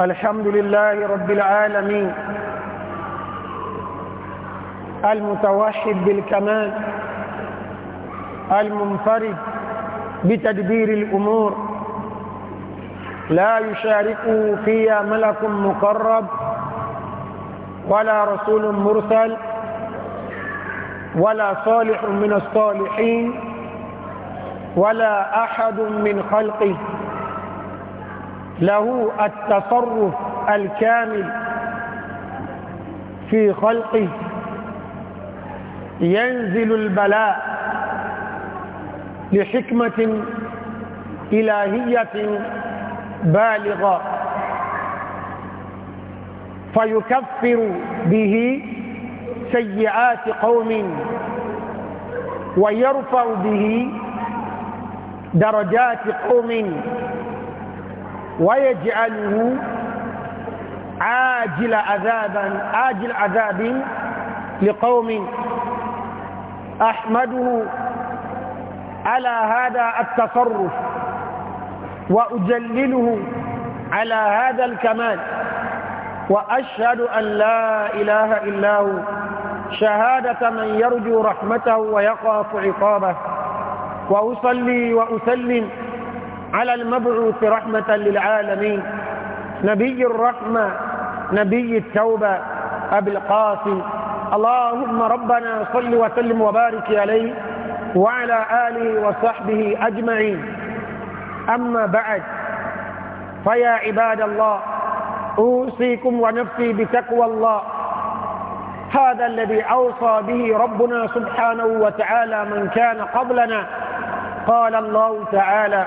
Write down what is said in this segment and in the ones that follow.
الحمد لله رب العالمين المتوحد بالكمال المنفرد بتدبير الأمور لا يشاركه فيها ملك مقرب ولا رسول مرسل ولا صالح من الصالحين ولا أحد من خلقه له التصرف الكامل في خلقه ينزل البلاء لحكمة إلهية بالغة فيكفر به سيئات قوم ويرفع به درجات قوم ويجعله عاجل عذابا عاجل عذاب لقوم أحمده على هذا التصرف وأجلله على هذا الكمال وأشهد أن لا إله إلا هو شهادة من يرجو رحمته ويخاف عقابه وأصلي وأسلم على المبعوث رحمة للعالمين نبي الرحمة نبي التوبة أبي القاسم اللهم ربنا صل وسلم وبارك عليه وعلى آله وصحبه أجمعين أما بعد فيا عباد الله أوصيكم ونفسي بتقوى الله هذا الذي أوصى به ربنا سبحانه وتعالى من كان قبلنا قال الله تعالى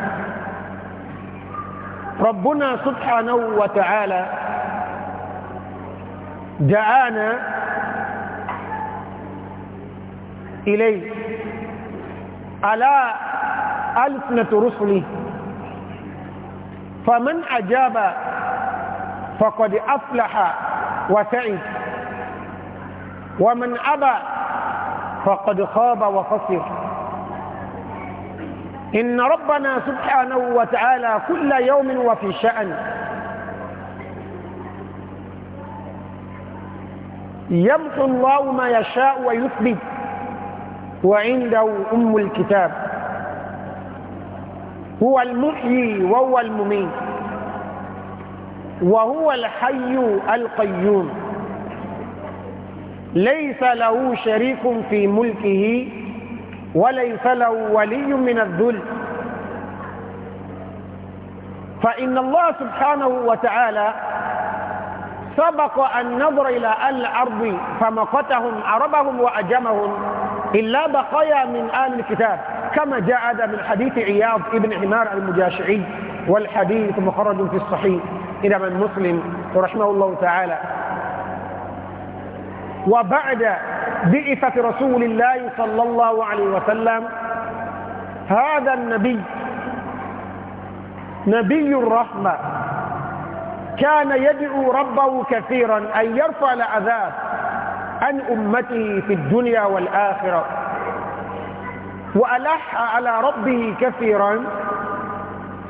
ربنا سبحانه وتعالى دعانا إليه على ألسنة رسله فمن أجاب فقد أفلح وسعد ومن أبى فقد خاب وخسر إن ربنا سبحانه وتعالى كل يوم وفي شأن يمحو الله ما يشاء ويثبت وعنده أم الكتاب هو المحيي وهو المميت وهو الحي القيوم ليس له شريك في ملكه وليس له ولي من الذل فإن الله سبحانه وتعالى سبق أن نظر إلى الأرض فمقتهم عربهم وأجمهم إلا بقايا من آل الكتاب كما جاء من حديث عياض ابن عمار المجاشعي والحديث مخرج في الصحيح إلى من مسلم رحمه الله تعالى وبعد بعثة رسول الله صلى الله عليه وسلم هذا النبي نبي الرحمة كان يدعو ربه كثيرا أن يرفع العذاب عن أمته في الدنيا والآخرة وألح على ربه كثيرا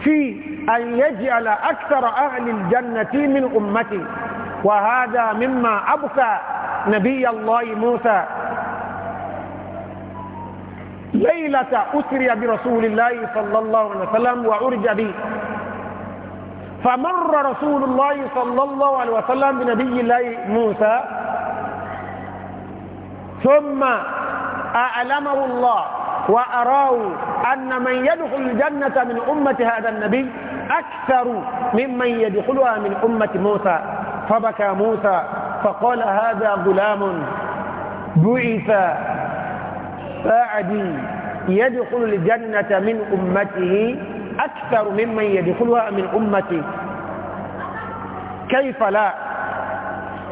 في أن يجعل أكثر أهل الجنة من أمته وهذا مما أبكى نبي الله موسى ليلة أسري برسول الله صلى الله عليه وسلم وعرج به فمر رسول الله صلى الله عليه وسلم بنبي الله موسى ثم أعلمه الله وأراه أن من يدخل الجنة من أمة هذا النبي أكثر ممن يدخلها من أمة موسى فبكى موسى فقال هذا غلام بعث بعدي يدخل الجنة من أمته أكثر ممن يدخلها من أمتي كيف لا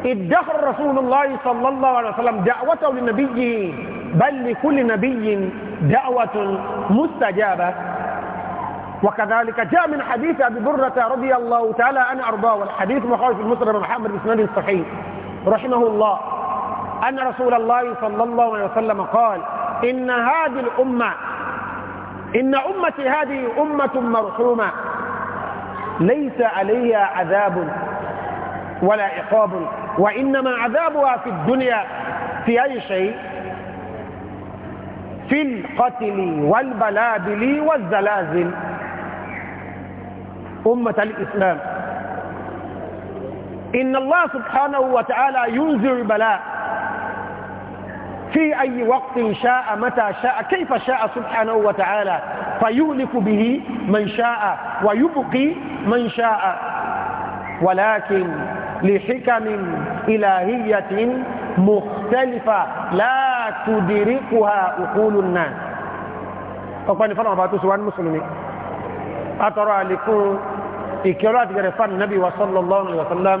ادخل رسول الله صلى الله عليه وسلم دعوته لنبيه بل لكل نبي دعوة مستجابة وكذلك جاء من حديث أبي برة رضي الله تعالى عنه أرضاه والحديث مخالف المسلم محمد بن الصحيح رحمه الله أن رسول الله صلى الله عليه وسلم قال إن هذه الأمة إن أمتي هذه أمة مرحومة ليس عليها عذاب ولا عقاب وإنما عذابها في الدنيا في أي شيء في القتل والبلابل والزلازل أمة الإسلام إن الله سبحانه وتعالى ينزل البلاء في أي وقت شاء متى شاء كيف شاء سبحانه وتعالى فيؤلف به من شاء ويبقي من شاء ولكن لحكم إلهية مختلفة لا تدركها عقول الناس ọ̀pẹ́ni فرعون بعد tó المسلمين أترى لكم mùsùlùmí àtọrọ النبي ìkẹ́rọ الله عليه وسلم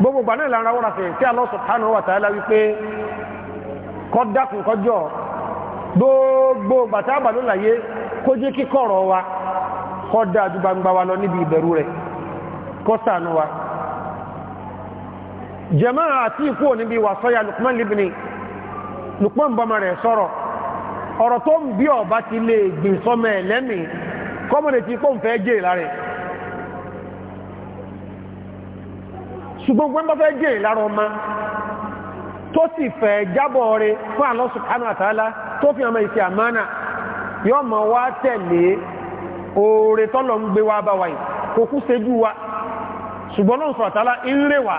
gbogbo gbà náà lára wọ́n tí Allah subhanahu wa ta'ala wípé kọ́ dákùn kọjọ́ gbogbo bàtà ló láyé kó jẹ́ wa kọ́ dáadú wa lọ níbi ìbẹ̀rù rẹ̀ kọ́ wa àti ikú níbi wàsọ́yà ṣùgbọ́n wọ́n bá fẹ́ jẹ́ lára ọmọ tó sì fẹ́ jábọ̀ rẹ̀ fún Allah subhanahu wa ta'ala tó fi ọmọ ìṣẹ́ àmánà yọ́ mọ̀ wá tẹ̀lé oore tọ́lọ ń gbé wá bá wa yìí kò kú sejú wa ṣùgbọ́n náà sọ àtàlá ìrẹ́ wà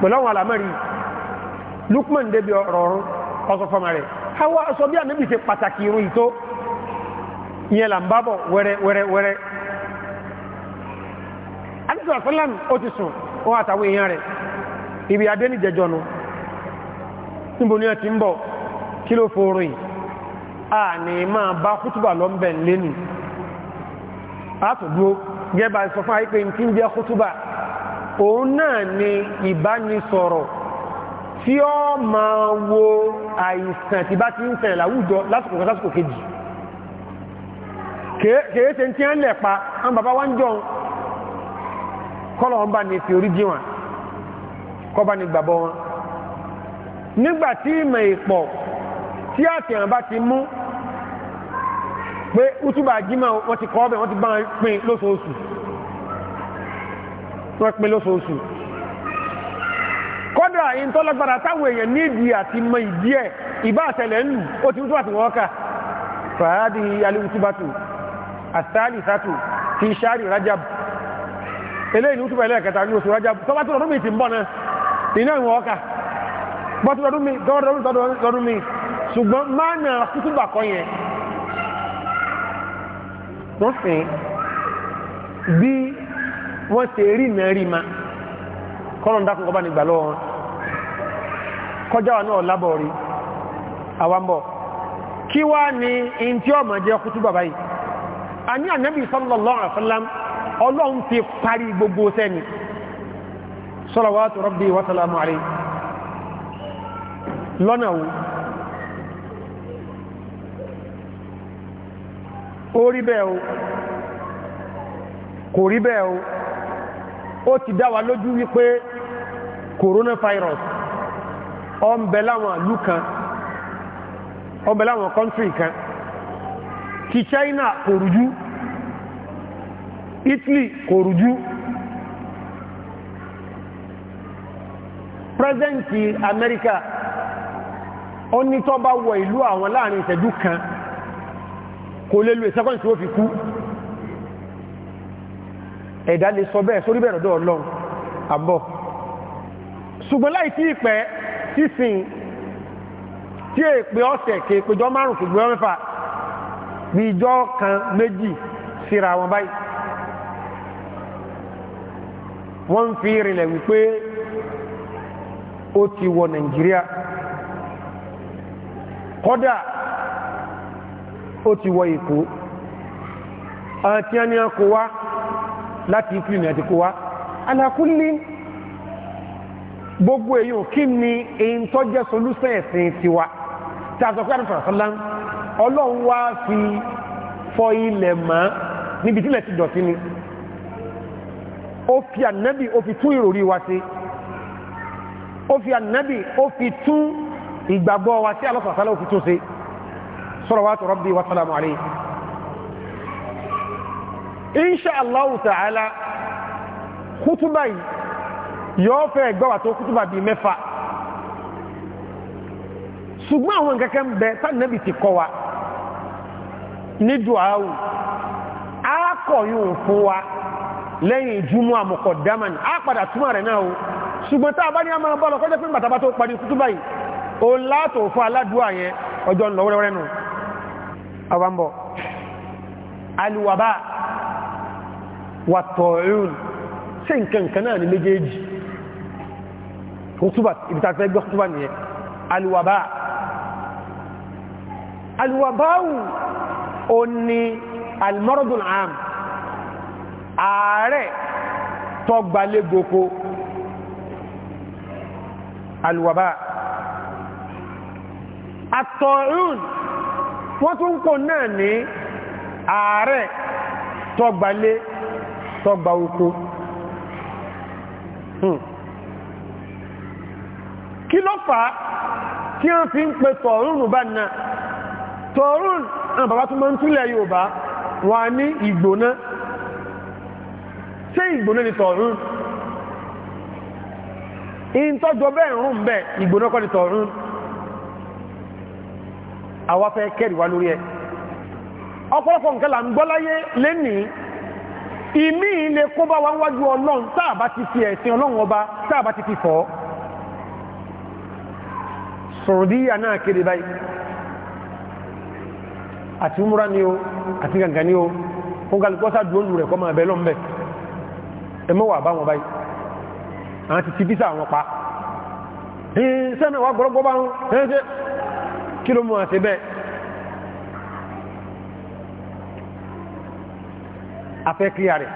pẹ̀lú àwọn àlàmẹ́rí Lukman débi ọ̀rọ̀rún ọsọ fọmọ rẹ̀ hawa sọ bí ànábì ṣe pàtàkì irun ìtó ìyẹn là ń bábọ̀ wẹ́rẹ́ wọ́n àtàwọn èèyàn rẹ̀ ibi adé ní jẹjọ nu níbo ní ẹ ti ń bọ̀ kí ló fòrò yìí a ní máa bá kútùbà lọ́mbẹ̀ lẹ́nu àtúgbò gẹ́bà sọ fún àyípe tí ń jẹ́ kútùbà òun náà ni ìbánisọ̀rọ̀ tí ó máa wo àìsàn tí bá ti ń ṣẹlẹ̀ láwùjọ lásìkò kan lásìkò kejì kèése tí ń lẹ̀ àwọn bàbá wá ń jọun kọ́lọ̀ wọn bá ní fi orí jí wọn kọ́ bá ní gbàgbọ́ wọn nígbà tí ìmọ̀ ìpọ̀ tí àtìyàn bá ti mú pé útúbà jímọ̀ wọ́n ti kọ́ ọ́bẹ̀ wọ́n ti bá wọn pín lóṣooṣù wọ́n pín lóṣooṣù kọ́dà ìntọ́lọ́gbàdà táwọn èèyàn nídìí àti mọ ìdí ẹ̀ ìbá àṣẹlẹ̀ ń lù ó ti wútú àtìwọ́n kà fàádìí alíwútúbàtù àtàlìsàtù fi ṣáàrì rájàbù eléyìí ní túbọ̀ ẹlẹ́ẹ̀kẹta ní oṣù rájá tọ́bá tó lọ́dún mi ti ń bọ̀ náà iná ìwọ̀n ọkà bọ́tú lọ́dún mi ṣùgbọ́n máa nà kútùbà kọ́ yẹn wọ́n sìn bí wọ́n ṣe rí náà rí ma kọ́lọ̀ ń dákùnkọ́ bá ní gbàlọ́ kọjá wà náà lábọ̀ rí àwambọ̀ kí wá ní in ọmọ jẹ́ kútùbà báyìí a ní ànábì sallallahu alaihi ọlọ́run ti parí gbogbo sẹ́ni salawatu rabbi wa salamu lọ́nà wo ó rí bẹ́ẹ̀ o kò rí bẹ́ẹ̀ o ó ti dá wa lójú wípé coronavirus ó ń kan kan ti China kò Italy kò rújú pírẹsidẹ́ǹtì Amẹ́ríkà ó ní tó bá wọ ìlú àwọn láàrin ìṣẹ́jú kan kò lè lo ìṣẹ́kọ́n tí ó fi kú ẹ̀dá lè sọ bẹ́ẹ̀ sórí bẹ̀rẹ̀ ọ̀dọ́ ọlọ́run àbọ̀ ṣùgbọ́n láì tí ìpẹ́ sísìn tí èpè ọ̀sẹ̀ kéèpèjọ márùn-ún kìgbẹ́ mẹ́fà bí ìjọ kan méjì síra wọn báyìí wọ́n ń fi rinlẹ̀ wípé ó ti wọ nàìjíríà kọ́dà ó ti wọ èkó àti ẹni ọkọ̀ wá láti ìpínlẹ̀ àti kó wá alákúnlé gbogbo èyàn kí ni èyí tó jẹ́ solúsẹ̀ ẹ̀sìn tiwa tààtọ̀ pé àdúgbò ọlọ́run wá fi fọ ilẹ̀ mọ́ níbi tílẹ̀ ti dọ̀tí ni ó fi ànábì ó fi tún ìròrí wa sí ó fi ànábì ó fi tún ìgbàgbọ́ wa sí alọ́sọ̀tálá ó fi tún sí salawatu rabbi wa salamu alayhi insha allahu ta'ala kútúbà yìí yóò fẹ́ gbọ́wà tó kútúbà bíi mẹ́fà ṣùgbọ́n àwọn kẹ́kẹ́ ń bẹ tánàbì ti kọ wa ní duawu a kọ̀ yóò fún wa lẹ́yìn júmọ́ àmọ̀kọ̀ dáman á padà túnmà rẹ̀ náà o ṣùgbọ́n tá a bá ní a máa bọ́lọ̀ kọjọ́ pín bàtàbá tó parí kútú báyìí o látò fún aládùúwà yẹn ọjọ́ lọ wẹ́rẹ́wẹ́rẹ́ am ààrẹ tọgbalégoko alwaba àtọ̀rún wọ́n tún kò náà ní ààrẹ tọgbalé tọgba oko hmm. kí ló fà á tí wọ́n fi ń pe tọ̀rún bá náà tọ̀rún àwọn bàbá tún mọ́ ń túlẹ̀ Yorùbá wọ́n ní ìgbóná ṣé ìgbóná ni tọ̀rún ìntọ́jọ bẹ́ẹ̀ rún bẹ́ẹ̀ ìgbóná kọ́ ni tọ̀rún àwa fẹ́ kẹ́rì wá lórí ẹ ọ̀pọ̀lọpọ̀ nǹkan là ń gbọ́ láyé lẹ́nìí ìmí ilé kó bá wájú ọlọ́run ti ọba ti fi fọ́ ni o ni o ẹmọ́ wà bá wọn báyìí àwọn ti ti bísà wọn pa sẹ́mẹ̀ wà gbọ́rọ̀gbọ́ bá wọn ẹ̀ẹ́sẹ́ kí ló mú àti bẹ́ẹ̀ afẹ́ kíyà rẹ̀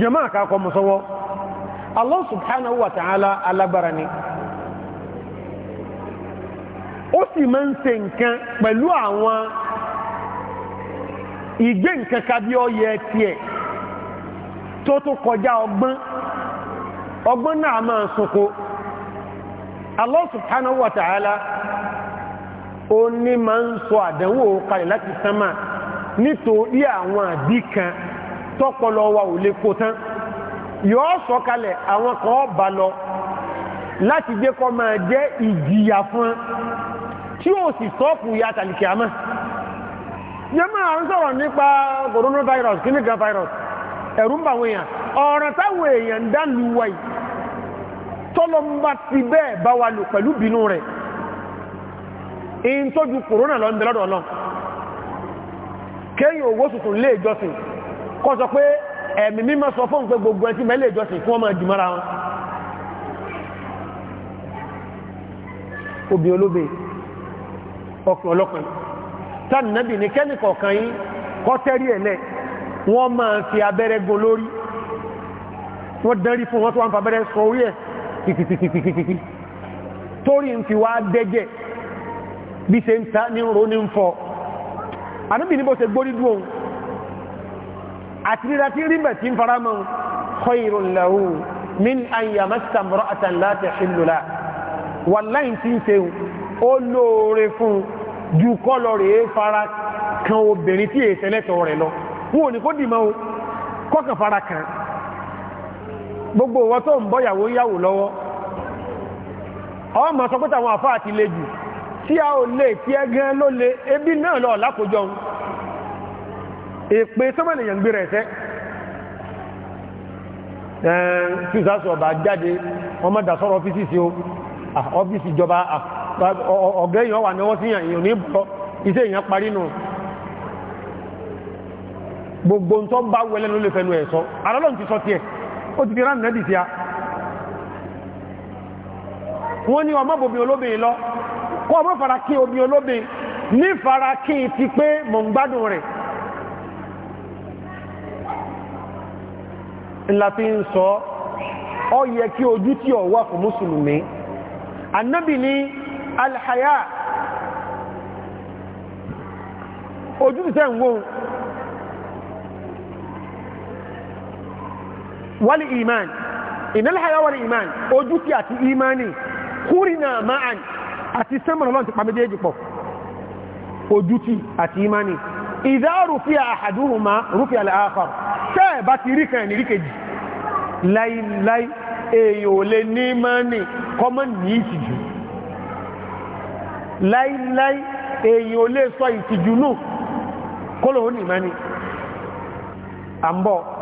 jẹmọ́ àkàkọ mọ́sọ́wọ́ Allah subhanahu wa ta'ala alágbára ni ó sì máa ń ṣe nǹkan pẹ̀lú àwọn ìgbé yẹ tiẹ̀ tó tó kọjá ọgbọ́n ọgbọ́n náà máa sọkó Allah wata wa ta'ala ó ní máa ń sọ àdánwò kalẹ̀ láti sánmà nítorí àwọn àbí kan tọ́pọlọ wa ò lè kó tán yóò sọ kalẹ̀ àwọn kan bá lọ láti jẹ́ kó máa jẹ́ ìjìyà fún tí ó sì sọ́ọ̀pù ya tàlìkì àmà yẹ́ máa ń sọ̀rọ̀ nípa coronavirus clinical virus ẹ̀rù ń bà àwọn èèyàn ọ̀ràn táwọn èèyàn ń dálù wa yìí tọ́lọ́mbà ti bẹ́ẹ̀ bá wa lò pẹ̀lú bínú rẹ̀ in tó ju kòrónà lọ ń bẹ lọ́dọ̀ náà kéyìn owó tuntun lé ìjọsìn kọ́ sọ pé ẹ̀mí mímọ́ sọ fún pé gbogbo ẹtí mẹ́lẹ̀ ìjọsìn fún ọmọ ìdìmọ́ra wọn obì olóbe ọkùn ọlọ́pẹ̀ tánàbì ní kẹ́nìkọ̀ọ̀kan yí kọ́ tẹ́rí ẹ̀lẹ́ wọ́n máa fi abẹ́rẹ́ go lórí wọ́n dánrí fún wọ́n tó wọ́n fa abẹ́rẹ́ sọ orí ẹ̀ kìkìkìkìkìkì torí ń fi wá dẹ́jẹ̀ bí se ń ta ní ro ní ń fọ́ àníbì níbo se gbórí dùn ohun àti rírà tí rí mẹ̀ tí ń fara mọ́ khairun lahu min an yamassa imra'atan la tahillu lahu wallahi tí ń se ó lóore fún jù kọ́lọ̀ rèé fara kan obìnrin tí èsẹ̀lẹ́tọ̀ rẹ̀ lọ wọ́n ni kò dì ọ kọ́kàn fara kan gbogbo wọn tó ń bọ́yàwó yàwó lọ́wọ́ ọmọ sọ pé tàwọn àfáà ti le jù tí a ò lè tí gan ló lè ebi náà lọ lákòjọ èpè sọ́mọ̀lẹ̀ yàn gbèrè ẹ̀sẹ́ ṣùsàṣù o gbogbo ń tọ́ bá wẹlẹ́ ló lè fẹ́nu ẹ̀ sọ arọ́lọ́n ti sọ tí ẹ̀ ó ti fi rán nẹ́bì tí a wọ́n ní ọmọ bòbí olóbìn lọ kọ́ ọmọ farakí obi olóbìn ní farakí ti pé mọ̀ ń gbádùn rẹ̀ ńlá ń sọ ọ yẹ kí ojú tí ọ fún mùsùlùmí annabi ní alhaya ojú ti sẹ́ ń wọ́n wal iman inal haya wal iman ojú tí àti imani kúrìnà ma'an àti sẹ́mọ̀ lọ́n ti pàmídé jùpọ̀ ojú tí àti imani idha rufi'a ahaduhuma rufi'a al-akhar tẹ́ bá ti rí kan ní ríkejì láìláì èyàn lè ní mani kọmọ ní ìtìjú láìláì èyàn lè sọ ìtìjú nù kólòó ní mani àmbọ̀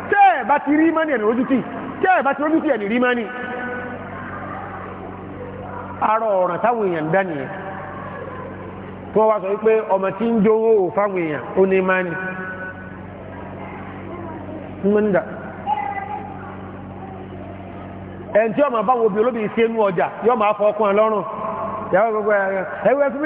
tẹ́ ẹ̀ bá ti rí mọ́ni ẹ̀nì ojú tẹ́ ẹ̀ bá ti rójú ẹ̀nì rí mọ́ni arọ ọ̀ràn táwọn èèyàn dá nìyẹn tó wá sọ wípé ọmọ tí ń jówó fáwọn èèyàn ó ní mọ́ni ẹni tí ọmọ báwo bí ṣe nú ọjà yóò máa fọ ọkùnrin lọ́rùn yàwó gbogbo ẹwẹ́ fún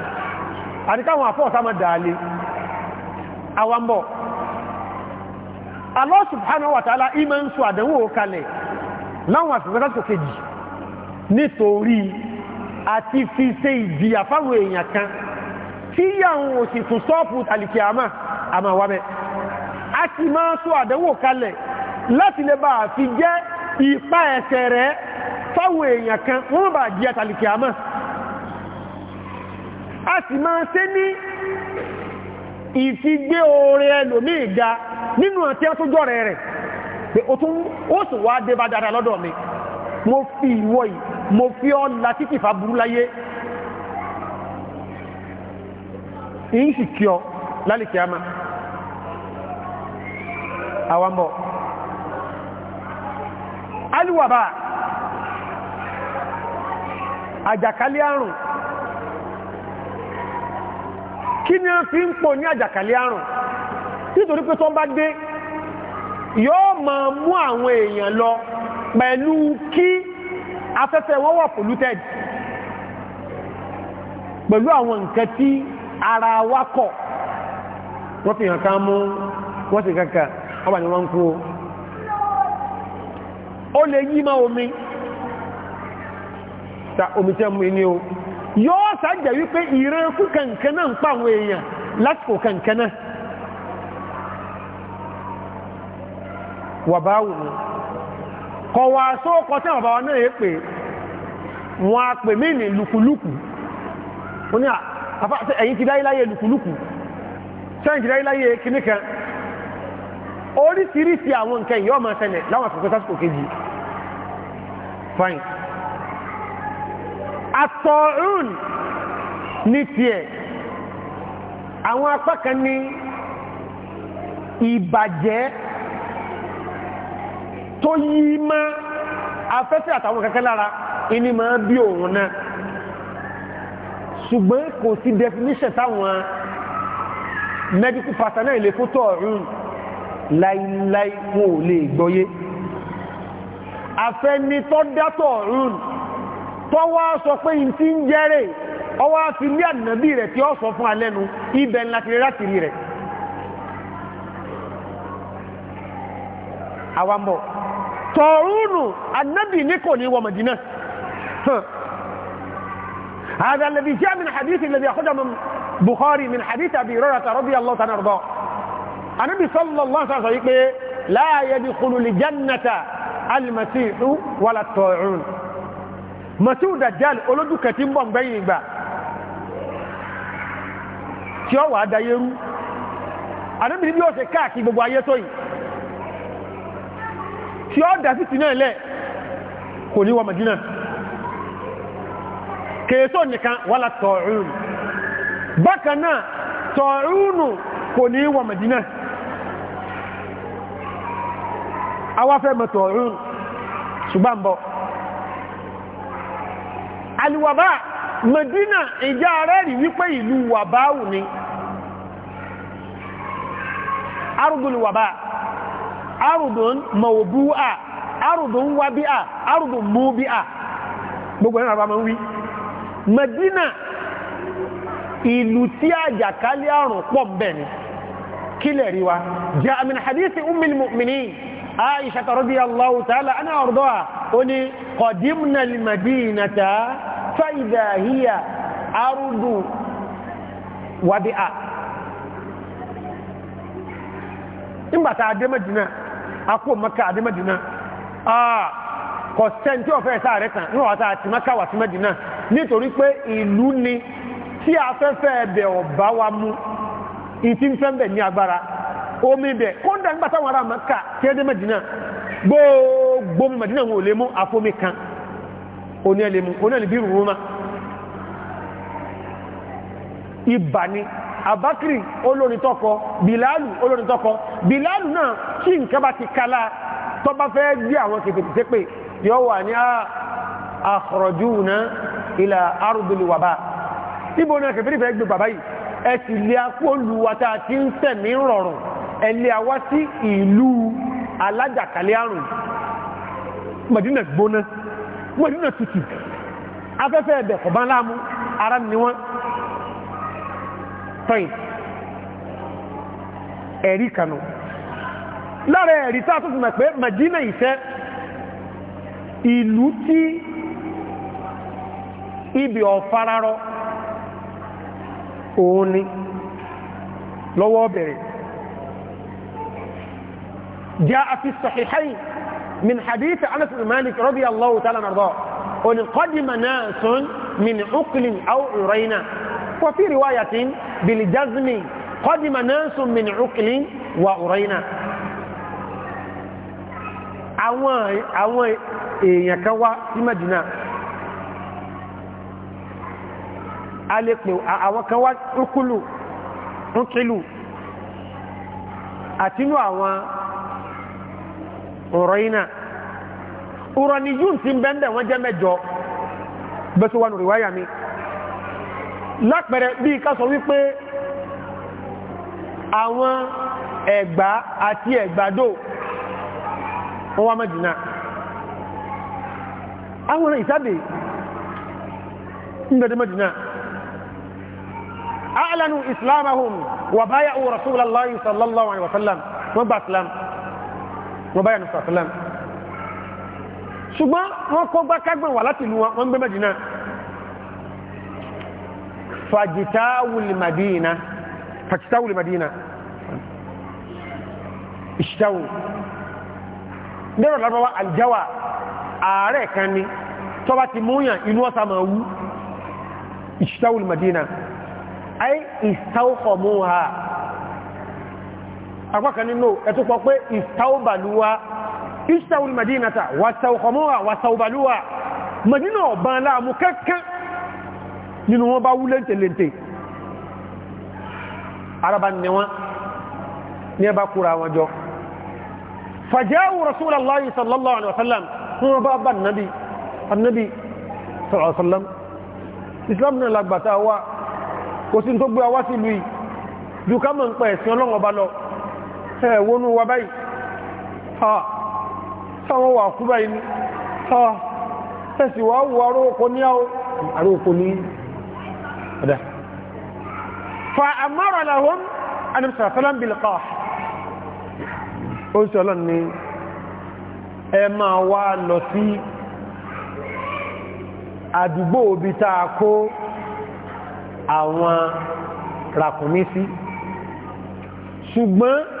àti káwọn àfọ́ sáma dáalé awambo Allah subhanahu wa ta'ala ima ń sọ àdánwò kalẹ̀ láwọn àfẹ́fẹ́sọ́ kejì nítorí àti fi ṣe ìjìyà fáwọn èèyàn kan tí yàwọn òsì tún sọ́ọ̀pù àlìkì àmà àmàwàmẹ́ a ti máa sọ àdánwò kalẹ̀ láti lè fi jẹ́ ìpa ẹ̀sẹ̀ fáwọn èèyàn kan wọ́n bá jí àtàlìkì àmà a sì máa ṣe ní ìfigbé oore ẹlòmí ìga nínú àti àtújọ́ rẹ̀ rẹ̀ pé ó tún ó sì wá dé bá dára lọ́dọ̀ mi mo fi ìwọ yìí mo fi ọ́ la títì fa burú láyé ń sì kí ọ lálìkí àmà àwọ̀mọ̀ alúwàbà àjàkálẹ̀ àrùn kí ni wọ́n fi ń pò ní àjàkálẹ̀ àrùn nítorí pé tó ń bá dé yóò máa mú àwọn èèyàn lọ pẹ̀lú kí afẹ́fẹ́ wọn wà polluted pẹ̀lú àwọn nǹkan tí ara wa kọ̀ wọ́n fi hàn ká mú wọ́n sì kankan ọba ni wọ́n ń kú ó lè yí máa omi ta omi tẹ́ mú inú o yóò sáàjẹ̀ wípé ìrẹ́kú kankan náà ń pa àwọn èèyàn lásìkò kankan náà wà bá wù ní kọwà sóòkọ tí àwọn bàbá náà yé pé wọ́n a pè mí ní lùkùlùkù ó ní ẹ̀yìn ti dáyé láyé lùkùlùkù sẹ́yìn ti dáyé láyé kìníkan oríṣiríṣi àwọn nǹkan yóò máa ṣẹlẹ̀ láwọn àsìkò sásìkò kejì fine atọ́rùn ní tiẹ̀ àwọn apá kan ní ìbàjẹ́ tó yí mọ́ afẹ́fẹ́ àtàwọn kẹ́kẹ́ lára iní máa bí òun náà ṣùgbọ́n kò sí definition táwọn medical personnel ilé fún tọ́ọ̀rùn láìláì wọn ò lè gbọ́yé afẹ́ni tó dátọ̀ọ̀rùn tọ́wọ́ sọ pé in ti ń jẹ́rẹ̀ ọwọ́ fi lé ànàbí rẹ̀ tí ó sọ fún alẹ́nu ibẹ̀ ńlá ti láti rí rẹ̀ àwambọ̀ tọ̀rúnù ànàbí ní kò ní wọ Mẹdínà هذا الذي جاء من حديث الذي أخذه من بخاري من حديث أبي هريرة رضي الله عنه أرضاه النبي صلى الله عليه وسلم لا يدخل الجنة المسيح ولا الطاعون masiu dajjal olójú kẹtí ń bọ̀ gbẹ̀yìn ìgbà tí ó wà á dayérú àdébìnrin bí ó ṣe káàkiri gbogbo ayé tó yìí tí ó dà sí tìǹà ilẹ̀ kò ní wọ Madina kèèso nìkan wàlá tọ̀ọ̀rùn bákan náà tọ̀ọ̀rùn kò ní wọ Madina awáfẹ́ mọ̀ tọ̀ọ̀rùn ṣùgbọ́n bọ̀ aliwaba medina ìjà rẹ̀ rí wípé ìlú wàbáwù ni arùdùn wàbá arùdùn mọ̀wòbúà arùdùn wábíà arùdùn múbíà gbogbo ẹ̀rọ àbámọ́ wí medina ìlú tí àjàkálẹ̀ àrùn pọ̀ bẹ̀ ni kílẹ̀ rí wa jẹ́ àmìn hadithi umil mu'minin aisha radiyallahu ta'ala ana ardaha ó ní qadimna faida hiya ardu wadi'a imba ta de madina akwo maka de madina ah ko sento fe sa retan no wa ta ti maka wa ti madina nitori pe ilu ni ti a fe fe be oba wa mu iti n fe ni agbara o be kunda n gbata wara maka ti de madina gbogbo mu madina wo le afọmikan. onílẹ̀bírù rúnmá ibà ni abakiri olónitọ́kọ bilalu olónitọ́kọ bilalu náà tí nǹkan bá ti kala tó bá fẹ́ gbé àwọn kèfètì tépè yọ wà ní ah, akhrajuna ila ardil waba níbo náà kèfètì fẹ́ gbé bàbá yìí ẹ sì lè akú olùwàtà tí ń tẹ̀mí rọrùn ẹ lè awá sí ìlú alájàkálẹ̀ àrùn Mẹ̀dínà gbóná wọ́n nínú tutù afẹ́fẹ́ ẹ̀bẹ̀ kọ̀bá láàmú ara ni wọ́n tọ́yìn ẹ̀rí kanú lára ẹ̀rí tá tó túnmọ̀ pé Madina ìfẹ́ ìlú tí ibi ọ̀fararọ òun ni lọ́wọ́ bẹ̀rẹ̀ jẹ́ àfi sahihayn من حديث أنس المالك رضي الله تعالى عنه قل قدم ناس من عقل أو عرينا وفي رواية بالجزم قدم ناس من عقل وعرينا àwọn àwọn èèyàn kan àwọn kan wá rúkúlù rúkílù àtinú àwọn uraina uraniyun ti ń bẹ́ ń bẹ̀ wọ́n jẹ́ mẹ́jọ bẹ́ẹ̀ tó wà nù rìwáyà mi lápẹẹrẹ bí ká sọ wípé àwọn ẹ̀gbá àti ẹ̀gbàdò wọ́n wá mẹ́jìnà àwọn ìsáde ìgbẹ̀dẹ̀ mẹ́jìnà a'lanu islamahum wa baya'u rasulallahi sallallahu alaihi wasallam wọ́n gbà islam wọ́n báyà nùsọ̀ àfẹ́lẹ́m ṣùgbọ́n wọ́n kọ́ gbá kágbẹ̀ wà láti ìlú wọn gbé Mẹ́dínà fàjìtáwùlì Madina fàjìtáwùlì Madina ìṣtáwù lẹ́rọ̀ lọ́wọ́ aljawa ààrẹ kan ni tọ́bá ti múyàn inú ọ̀sá ma wú ìṣtáwùlì Madina apákan nínú ẹ̀tùpọ̀ pé ìsáúbàlúwà ìsáúl madinata wàsáukọmọ́wà wàsáúbàlúwà madina ọ̀bá láàmú kẹ́kẹ́ nínú wọn bá wúlé tẹ̀lẹ̀tẹ̀ araba nẹwọn ní ẹbá kúra wọn jọ fàjáwù rasúlàláyì sallallahu alaihi wasallam wọn bá bá nabi annabi sallallahu alaihi wasallam islam náà lágbàtà wa kò sí tó gbé wa sí ẹ̀wọ́nú wa báyìí ha sáwọn wà kú báyìí ha ẹ̀sì wà wù aróòkó ní aróòkó ní ọ̀dá fa àmọ́rọ̀ làwọn anìsàfẹ́lán bilqa ó sì ni ẹ máa wá lọ sí àdúgbò bí táa kó àwọn ràkùnmí sí ṣùgbọ́n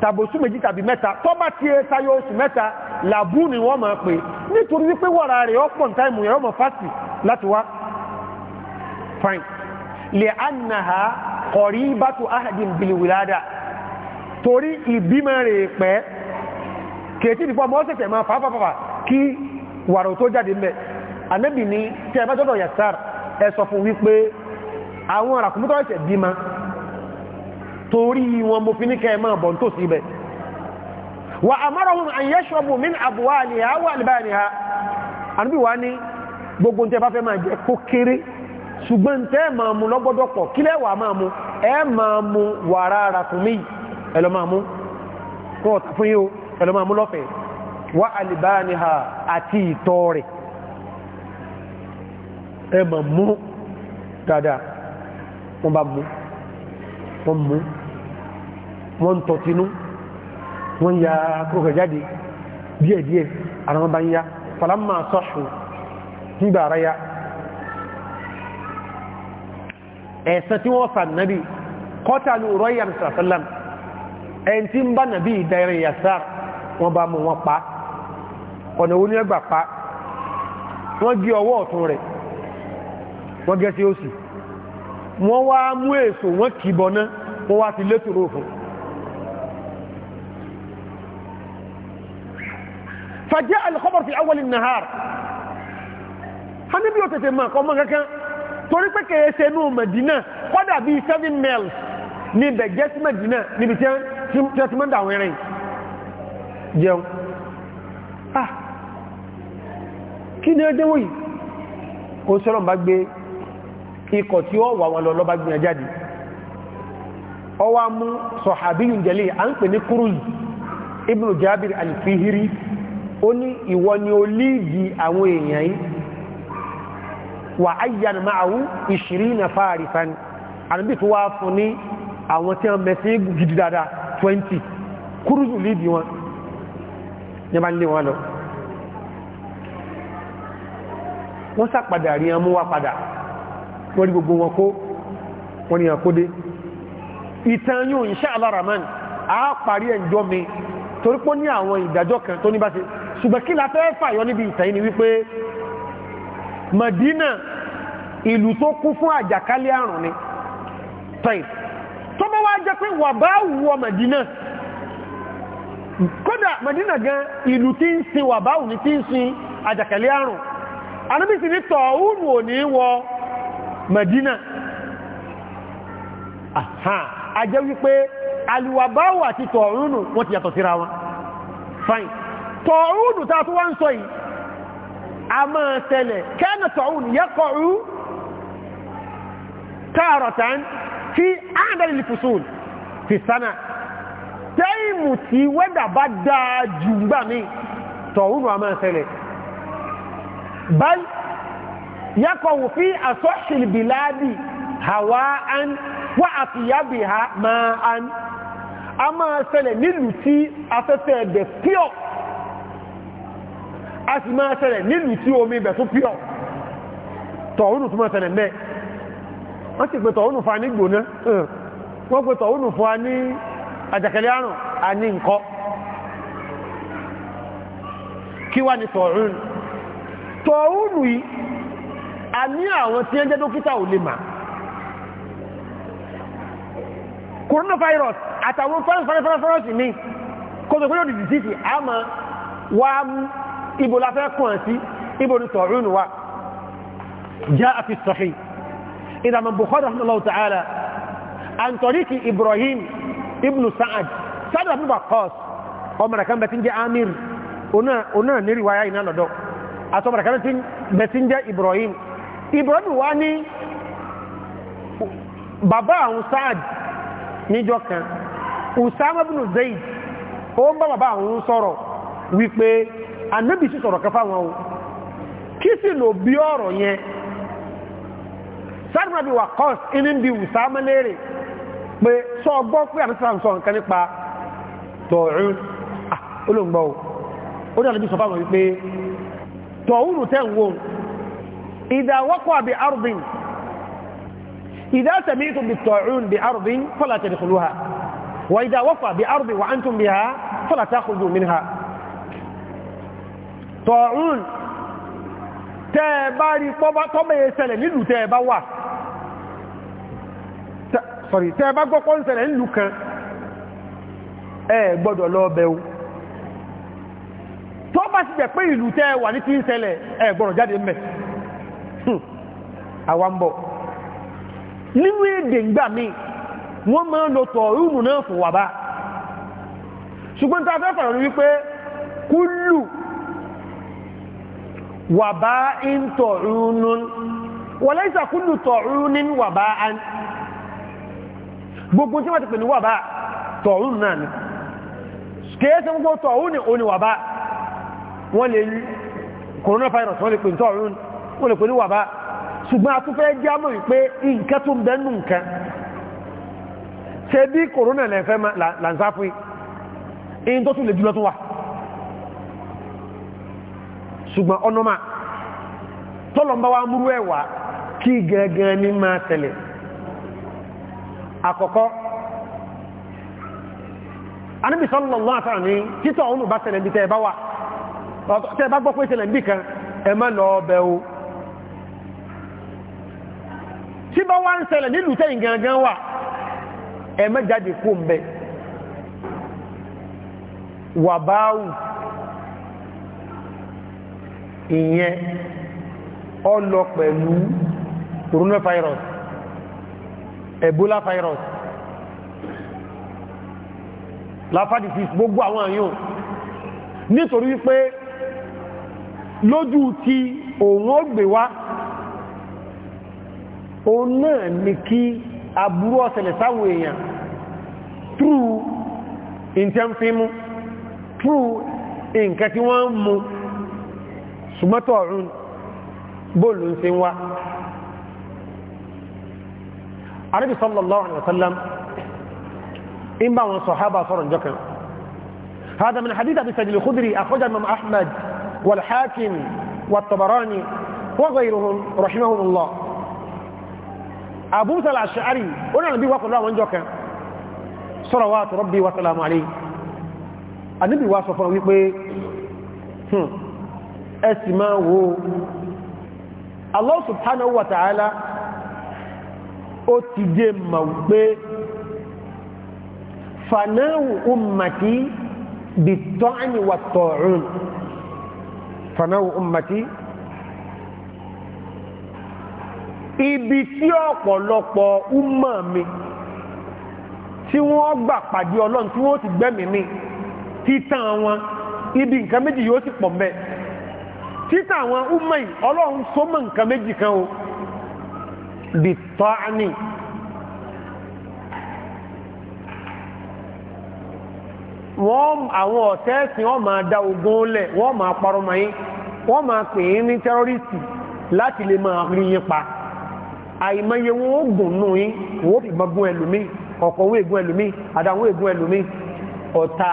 tàbòsú méjì tàbí mẹ́ta tó bá ti ẹ̀sáyọ oṣù mẹ́ta làbú ni wọ́n máa pè nítorí wípé wọ́ra rẹ̀ ọ̀pọ̀ ní táìmù yẹ̀rọ mọ̀ fásitì láti wá fine lè annaha qaribatu ahadin bil wilada torí ìbímọ rẹ̀ pẹ́ kèétí ìdìpọ̀ mọ́ sẹ̀sẹ̀ máa fàáfàáfà kí wàrà tó jáde mẹ́ anẹ́bì ni tí a bá tọ́dọ̀ yàtàr ẹ sọ fún wípé àwọn àràkùnmútọ́ ẹ̀sẹ̀ bímọ torí wọn mo fi ní kẹ́ máa bọ̀ tó sí ibẹ̀ wà amarahum an yashrabu min abwaliha wa albaniha àníbí wá ní gbogbo tẹ́ bá fẹ́ máa jẹ kó kéré ṣùgbọ́n tẹ́ máa mú lọ́gbọ́dọ̀ pọ̀ kí lẹ́ wà máa mú ẹ máa mú wàrà ara fún mí ẹlọ mú wọ́n mú wọ́n ń tọ́tinú wọ́n ya kókò jáde díẹ̀díẹ̀ ara wọn bá ń ya falamma sọ́ṣù nígbà ara ya ẹ̀sẹ̀ tí wọ́n fà nábi kọ́tàlù rọ́yàn sàfẹ́lẹ́m ẹ̀yìn tí ń bá nàbí ìdáyẹrẹ yàsá wọ́n bá mú wọn pa ọ̀nà wo ní ẹgbà pa wọ́n gé ọwọ́ ọ̀tún rẹ̀ wọ́n gẹ́ sí òsì wọ́n wá mú èso wọ́n kìbọ̀ náà wọ́n wá ti létòrò fún fàjẹ́ alìkọ́bọ̀ fi awọ́lì nahar hannibi ó tètè máa kọmọ kankan torí pé kèése ní Mẹ̀dínà kọ́dà bí 7 miles ní bẹ̀jẹ́ sí Mẹ̀dínà níbi tí wọ́n ti mọ́ ikọ̀ tí ó wà wọn lọ lọ́bá gbìyàn jáde ọwá mú sọ̀hábíyùn jẹ́lẹ̀ à ń pè ní Kuruz ibn Jabir al-Fihiri ó ní ìwọ ni ó àwọn èèyàn yìí wà ayyan ma'ahu ishirina farifan àníbì tó wá fún ní àwọn tí wọ́n mẹ́sí gidi dada 20 Kuruz líìdì wọn ní bá ń lé wọn lọ wọ́n sàpadà rí ẹmú wá padà wọ́n rí gbogbo wọn kó wọ́n ni àkódé ìtàn yóò insha Allah rahman a parí ẹ̀njọ́ mi torí pé ní àwọn ìdájọ́ kan tó ní bá ṣe ṣùgbọ́n kí la fẹ́ fàyọ níbi ìtàn ni wípé Madina ìlú tó kún fún àjàkálẹ̀ àrùn ni tọ́yì tó bá wá jẹ́ pé wà bá wọ Madina kódà Madina gan ìlú tí ń sin wà bá wù ní tí ń sin àjàkálẹ̀ àrùn àníbìsì ní tọ̀húnù ò ní wọ Madina aha a jẹ́ wípé aliwabawo àti tọ̀ọ̀rúnù wọ́n ti yàtọ̀ síra wọn fine tọ̀ọ̀rúnù tàà tó wá ń sọ yìí a máa tẹ́lẹ̀ kẹ́nà tọ̀ọ̀rúnù yẹ́kọ̀ọ́rú tààrọ̀tán tí àádọ́lì fùsùn fi sánà tẹ́ìmù tí wẹ́dà bá dáa jù gbà mí tọ̀ọ̀rúnù a máa tẹ́lẹ̀ báyìí yakọ̀wò fi asọ́ṣìlì bìláàdì hàwá an wá àfìyàbì ha máa an a máa ṣẹlẹ̀ nílùú tí afẹ́fẹ́ ẹ̀bẹ̀ píọ̀ a sì máa ṣẹlẹ̀ nílùú tí omi ẹ̀bẹ̀ tó píọ̀ tọ̀húnù tó máa ṣẹlẹ̀ mẹ́ wọ́n sì pẹ̀ tọ̀húnù fa ní gbóná wọ́n pẹ̀ tọ̀húnù fa ní àjàkẹ́lẹ́ àrùn a nǹkọ́ kí wá ní tọ̀húnù tọ̀húnù yìí a ní àwọn tí ń jẹ́ dókítà ò lè mà coronavirus àtàwọn fẹ́rẹ́fẹ́rẹ́fẹ́rẹ́sì mi kọ́sọ̀ pé lòdì dìsísì a ma wá ibo la fẹ́ kàn sí ibo ni tọ̀rún wa já a fi ìdàmà Bukhari rahimahullahu ta'ala an tariki Ibrahim ibn Sa'ad Sa'ad ibn Baqqas ọmọ rakan bẹ̀tí jẹ́ Amir onáà ní riwaya iná lọ́dọ̀ àtọ́ rakan bẹ̀tí jẹ́ Ibrahim Ibrahim wa ni baba àwọn kan Usama bin Zayd, ó ń bá bàbá àwọn sọ̀rọ̀ wípé anábì sí sọ̀rọ̀ kan o kí sì lò bí ọ̀rọ̀ yẹn inú bí Usama lérè pé sọ gbọ́ pé sọ nǹkan nípa olóngbọ́ ah, o إذا وقع بأرض إذا سمعتم بالطاعون بأرض فلا تدخلوها وإذا وقع بأرض وأنتم بها فلا تأخذوا منها طاعون تباري طبع طبع يسأل نلو تباوة sorry tẹ́ẹ̀bá gbọ́pọ̀ ń ṣẹlẹ̀ nílùú kan ẹ gbọ́dọ̀ lọ bẹ̀wò tó bá ti jẹ́ pé ìlú tẹ́ẹ̀ wà ní ti ń ṣẹlẹ̀ ẹ gbọ́dọ̀ jáde mẹ́ awambo hmm. ń bọ̀ nínú èdè máa ń lo tọ̀ọ̀rùnù náà fún wàbá ṣùgbọ́n tá a fẹ́ fàrọ̀ wípé kúlù wàbá ń tọ̀ọ̀rùnù wọ́n lẹ́sà kúlù tọ̀ọ̀rùnù gbogbo tí wọ́n ti pè ní wàbá tọ̀ọ̀rùnù náà ni kèése gbogbo waba òní wàbá wọ́n lè coronavirus wọ́n lè pè ní wọ́n lè pè ní wàbá ṣùgbọ́n a tún fẹ́ já mọ̀ wípé nǹkan tó ń bẹ nǹkan ṣe bí kòrónà lẹ́fẹ́ lansáfí in tó tún lè jùlọ tó wà ṣùgbọ́n ọ̀nọ́mà tọ́lọ̀mbá wa múrú ẹ̀wà kí gẹ́gẹ́ ní máa tẹ̀lẹ̀ àkọ́kọ́ Ànábì sallallahu alaihi wasallam ní títọ̀ ọ̀nà bá tẹ̀lẹ̀ bí lọ bẹ̀ o bá wá ń ṣẹlẹ̀ nílùú tẹ́yìn gangan wà ẹ má jáde kó ń bẹ wàbáwù ìyẹn ọlọ pẹ̀lú coronavirus ebola virus lafa disease gbogbo àwọn àyàn nítorí wípé lójú ti òun ó gbé wá òun náà ni kí aburú ọ̀sẹ̀lẹ̀ sawe èèyàn true intẹ́mfímú true in kati wọ́n mú sumato ọ̀run bolu ń se wá arábì sallallahu alaihi wasallam in bá wọn sọ̀hábà sọ̀rọ̀ jọkan هذا من حديث أبي سجل الخدري أخرج الإمام أحمد والحاكم tabarani wa ghayruhum rahimahumullah àbúrúsàlà àṣàárì ó náà bí wá pẹ̀lú àwọn jọkan sọ́rọ̀ wá tó rọ́bí wá sọ́lá màrí àníbì wá sọ fún wípé hmm, ẹsì máa wo Allah subhanahu wa ta'ala ó ti dé ma wípé fanáwù ummati bi tọ́ni ibi tí ọ̀pọ̀lọpọ̀ umma mi tí wọ́n gbà pàdé ọlọ́run tí wọ́n ti gbẹ́mì mi títàn wọn ibi nǹkan méjì yóò ti pọ̀ mẹ́ títàn wọn umma yìí ọlọ́run méjì kan o bí wọ́n àwọn ọ̀tẹ́ ogun lẹ̀ wọ́n máa parọ́ mọ́ yín wọ́n máa pè é ní pa. àìmọye wọn ó gùn nù yí wọ́n fi gbọ́gbọ́n ẹlùmí ọ̀pọ̀ owó ègún ẹlùmí àdáwó ègún ẹlùmí ọ̀ta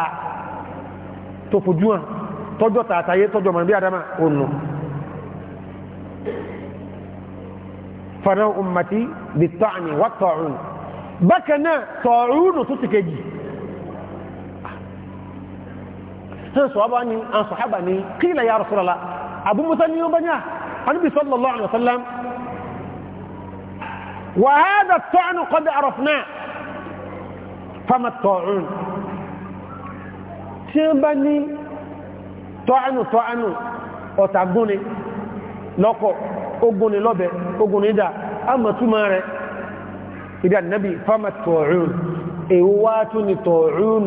tó fojú hàn tọ́jọ́ tààtàyé tọ́jọ́ mọ̀ bí adama fara ummati bi ta'ni wa ta'un bákan náà ta'un tó ti kejì ni an ya rasulullah abu musa ni yo banya وهذا الطعن قد عرفناه فما الطاعون tí ó bá ní tọ́ánù tọ́ánù ọ̀tàgúnni lọ́kọ̀ ogunni lọ́bẹ̀ ogunni dà a mọ̀ túnmọ̀ rẹ̀ ìdá nẹ́bí fama tọ̀rún èwú wá tún ni tọ̀rún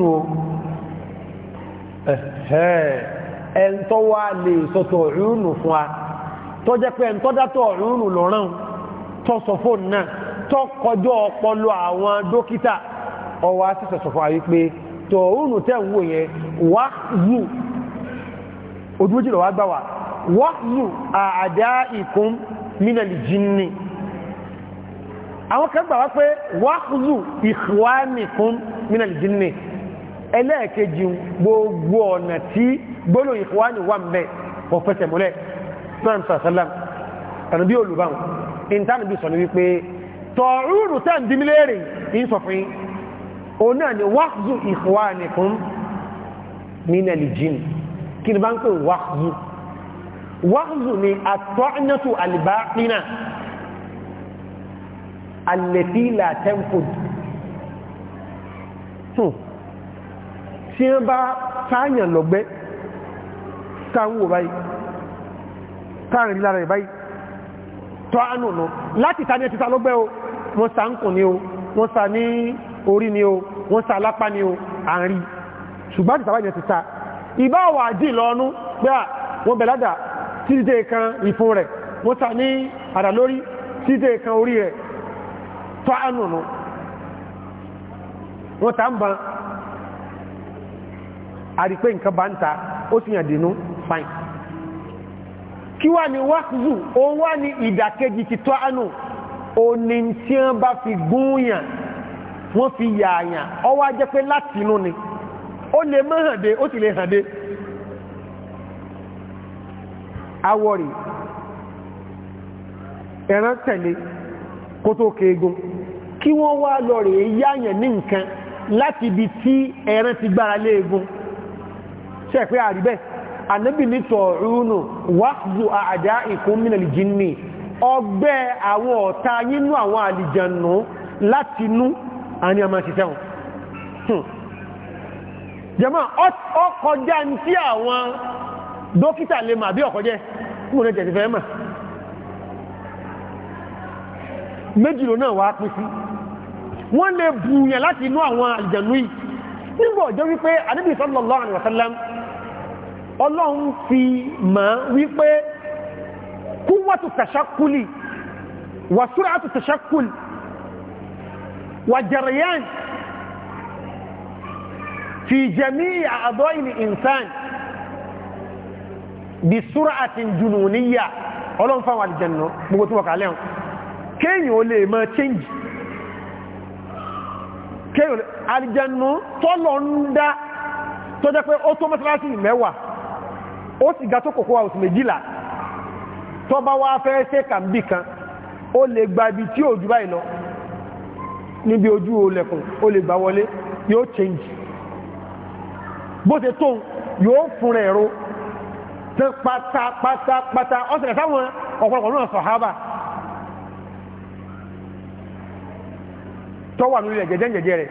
ẹ̀ẹ́n tó tọ́sọ̀fóònù náà tọ́ kọjọ́ ọpọlọ àwọn dókítà ọwọ́ asẹ́sọ̀sọ̀fọ́ àrí pé tọ̀ọ̀rùnù tẹ́ ń wò yẹn wá yù ojúmójìlọ̀ wá gbà wà wá yù àdá ìkún mínàlì jínní àwọn kẹgbà wá pé wá yù ìhùwánìkún mínàlì jínní ẹlẹ́ẹ̀kejì gbogbo ọ̀nà tí gbólò ìhùwánì wà mẹ́ ọ̀fẹ́sẹ̀mọ́lẹ̀ sọ́rọ̀ ìntánibí sọ ní wípé tọ̀rúrù tẹ́ ìdímilérì ìsọ̀fin o náà ni wáxù ikhwanikum minal jinn kí ni bá ń pè wáxù wáxù ni àtọ́nàtù albáqina allati la tanfud hmm. tí wọ́n bá sáàyàn lọ́gbẹ́ táwọn báyìí táàrin lára ìbáyìí tọ́ anụnụ láti ta ní ẹ̀tìta ló gbẹ́ o wọ́n sa ń kùn ní o wọ́n sa ní orí ní o wọ́n sa lápá ní o àárín ṣùgbọ́n wà pé à wọ́n bẹ̀ ládà kan ìfún rẹ̀ wọ́n sa ní àdà lórí kan orí rẹ̀ tọ́ anụnụ. wọ́n ta ń ban nǹkan kí wá ní wákùzù ó wá ní ìdàkejì ti tọ́ ánù òní tí wọ́n bá fi gúnyàn wọ́n fi yààyàn ọ wá jẹ́ pé láti inú ni ó lè mọ́ hàndé ó sì lè hàndé awọ́rì ẹ̀rán tẹ̀lé kó tó keegun kí wọ́n wá lọ rẹ̀ yáyàn ní nǹkan láti ibi tí ẹ̀rán ti gbára léegun ṣe pé àrí bẹ́ẹ̀ ànábì ní tọ̀ọ̀rúnù wákùbù àjá ìkúnmínà jínní ọgbẹ́ àwọn ọ̀tá yínú àwọn àlìjànú láti nú àní àmà ti sẹ́wọ̀n jẹmọ́ ọkọjá ń tí àwọn dókítà lè mà bí ọkọjẹ́ mú ní tẹ̀sí fẹ́ mà méjìlò náà wá pín sí wọ́n lè bùyàn láti inú àwọn àlìjànú yìí nígbọ̀ jẹ́ wípé ànábì sallallahu alaihi wasallam ọlọ́run fi mọ̀ wípé kúwọ́tù tàṣákùlì wà súrátù tàṣákùlì wà jẹ̀rẹ̀yàn fi jẹ̀mí àdọ́ ìlú insan bí súrátù jùnúníyà ọlọ́run fáwọn àlìjẹ̀nà gbogbo tí wọ́n kà lẹ́hùn kéyìn ó lè mọ́ change kéyìn àlìjẹ̀nà tọ́lọ ń dá tó jẹ́ pé ó tó mọ́sálásí mẹ́wàá ó sì ga tó kòkó house méjìlá tó bá wá fẹ́ ṣe kàmbì kan ó lè gba ibi tí ò jù báyìí lọ níbi ojú olẹ̀kùn ó lè gbà wọlé yóò change bó ṣe tó yóò fún rẹ̀ ẹ̀rọ tán pátápátápátá ọ́sẹ̀lẹ̀ sáwọn ọ̀pọ̀lọpọ̀ náà sọ̀hábà tó wà nílẹ̀ jẹ́jẹ́ jẹ́jẹ́ rẹ̀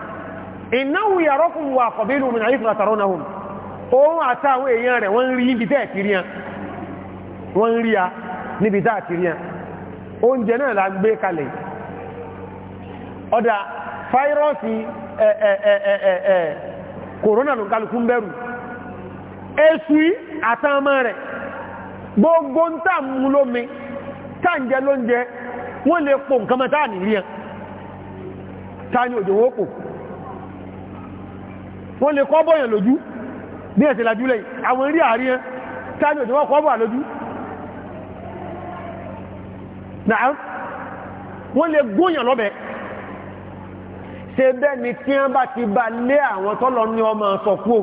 ị yarakum wa qabiluhu min o la tarawnahum òun àtàwọn èèyàn rẹ̀ wọ́n rí níbi tẹ́ẹ̀ kiri yẹn rí a níbi tẹ́ẹ̀ kiri yẹn oúnjẹ náà la e e e e kòrónà ló kálukú ń bẹ̀rù èsù gbogbo ń tà mú lómi táǹjẹ lóúnjẹ wọ́n lè pò wọ́n lè kọ́ bọ́yàn lójú bí ẹ̀sẹ̀ lajúlẹ̀ àwọn eré àríyàn tàbí òjò wọ́n kọ́ bọ́ lójú náà wọ́n lè gúnyàn lọ́bẹ̀ ṣe bẹ́ẹ̀ ni tí wọ́n bá ti bá lé àwọn tọ́lọ ní ọmọ sọ̀kú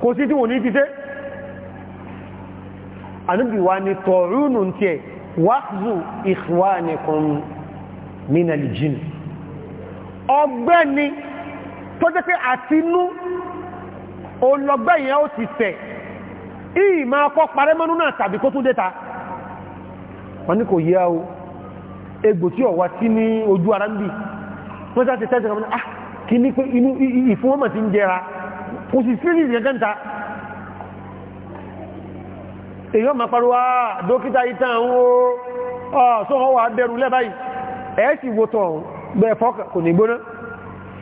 kò sí tí wọ́n ní títẹ́ ànúbìwá ni tọ̀rúnù tí ẹ̀ wáxù ìṣwánìkan mínàlì jìn ọgbẹ́ni tó jẹ́ pé àti inú olọ́gbẹ́ yẹn ó ti fẹ̀ ìyí máa kọ́ parẹ́ mọ́nú náà tàbí kó tún déta wọ́n ní kò yí á o egbò tí ọ̀wá sí ní ojú ara ń bì wọ́n sá ti tẹ́sẹ̀ kan ah kí ní pé inú ìfúnwọ́mọ̀ ti ń jẹra kò sì sí ní ìrẹ́gẹ́ta èyàn máa parọ́ ah, dókítà ìtàn ah, ó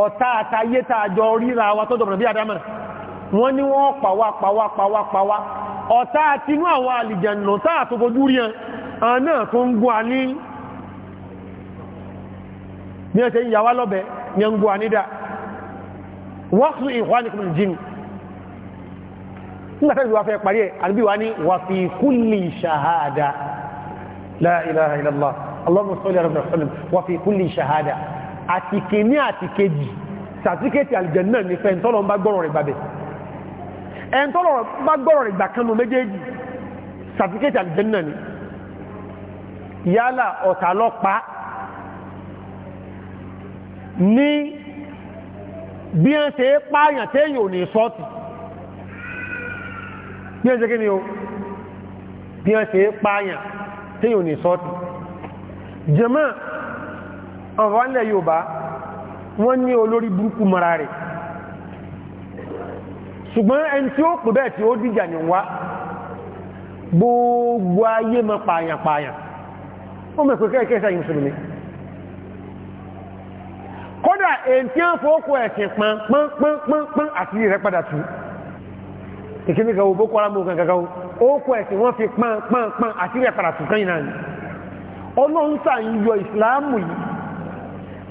ọ̀tá àtayé tààjọ ríra wa tó dọ̀bọ̀nà bí àdámà wọ́n ní wọ́n pàwà pàwà pàwà pàwà ọ̀tá àtinú àwọn àlìjẹ̀nà táà tó fojú rí ẹn náà tó ń gún àní bí ẹ̀ tẹ́ ìyàwó lọ́bẹ̀ ni ń gún àní ní àtìkè ní àtìkèjì sàtíkètì àlìjẹ̀nà ní fẹ́ ẹ̀ntọ́lọ̀ bá gbọ́rọ̀ rẹ̀ gbàbẹ̀ ẹ̀ntọ́lọ̀ bá gbọ́rọ̀ rẹ̀ gbàkanu méjèèjì sàtíkètì àlìjẹ̀nà ní yálà ọ̀tàlọ́pàá ní bí ẹ́ ṣe pààyàn téèyàn ò sọ́ọ̀tì bí ẹ́ ṣe kí ni o bí ẹ́ ṣe pààyàn téèyàn ò sọ́ọ̀tì jẹ́mọ́ ọ̀rọ̀ ilẹ̀ Yorùbá wọ́n ní olórí burúkú mara rẹ̀ ṣùgbọ́n ẹni tí ó pè bẹ́ẹ̀ tí ó dìjà ní wá gbogbo ayé mọ́ pààyàn pààyàn ó mẹ́ pẹ̀kẹ́ ẹ̀kẹ́ sáyé mùsùlùmí kódà èyí tí wọ́n fòókò ẹ̀sìn pánpánpánpán àti rẹ̀ padà tú ìkíníkà owó bókó arámọ́ kankankan ó kọ ẹ̀sìn wọ́n fi pánpánpán àti rẹ̀ padà tú kányìn náà ọlọ́run sàn yọ ìsìláàmù yìí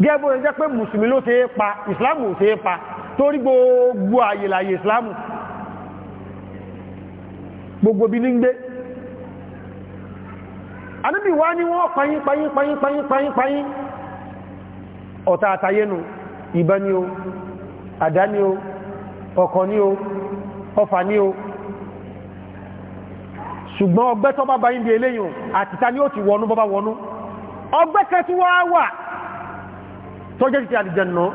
gẹ́gbó ẹ jẹ́ pé mùsùlùmí ló ṣe é pa ìsìláàmù ò ṣe é pa torí gbogbo àyè láyè ìsìláàmù gbogbo bí ní ń gbé anábì wá ní wọ́n payín payín payín payín payín payín ọ̀tá àtayénu ìbọn ni o àdá ni o ọkọ̀ ni o ọfà ni o ṣùgbọ́n ọgbẹ́ bá bá bí eléyìn àtìta ni ó ti wọnú bọ́bá wọnú ọgbẹ́ kẹtù wá wà tọ́jẹ́ ti àdìjẹ̀nà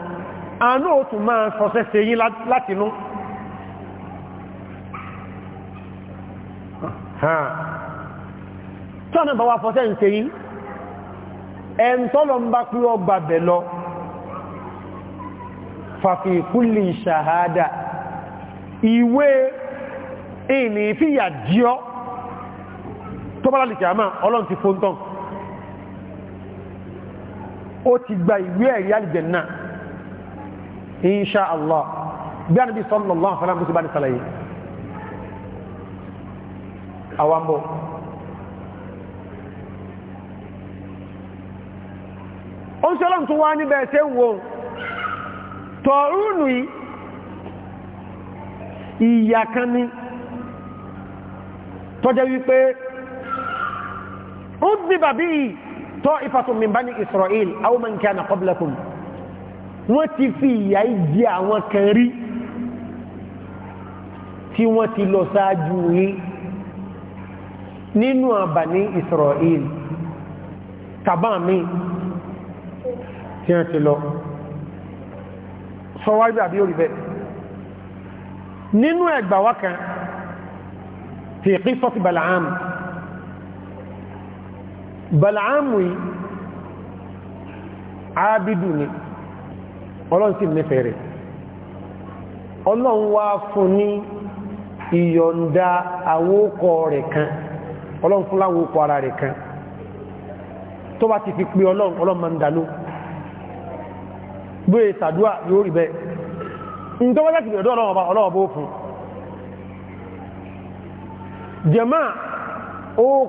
àánú òtù máa sọ́sẹ́ se yí látinú tọ́nà bá wá fọ́sẹ́ ń se yí ẹn tọ́lọ ń bá pí ọgbà bẹ̀ lọ fàfí kúlì ṣàhádà ìwé ìní fíyà jíọ́ tó bá lálìkì àmà ọlọ́n ti fóntán ó ti gba ìwé ẹ̀rí àlìjẹ̀nà insha allah bí anabi sallallahu alaihi wasallam bó ti bá ní sàlàyé àwọn bọ̀ ó ń ṣe ọlọ́run tó wá níbẹ̀ ṣe ń wo tọ̀rúnù ìyà kan ní tọ́jẹ́ wípé ó gbí bàbí yìí طائفة من بني إسرائيل أو من كان قبلكم وتفي يجي وكري تيوتي ساجوي نينو بني إسرائيل تبامي تيوتي لو sọwájú àbí نينو nínú وكان في qisati Bal'am balaamu yìí ábídù ni ọlọ́run sì nífẹ̀ẹ́ rẹ̀ ọlọ́run wá fún ní ìyọ̀ǹda àwókọ rẹ̀ kan ọlọ́run fún láwókọ ara rẹ̀ kan tó bá ti fi pé ọlọ́run ọlọ́run ń yóò rí bẹ́ẹ̀ ní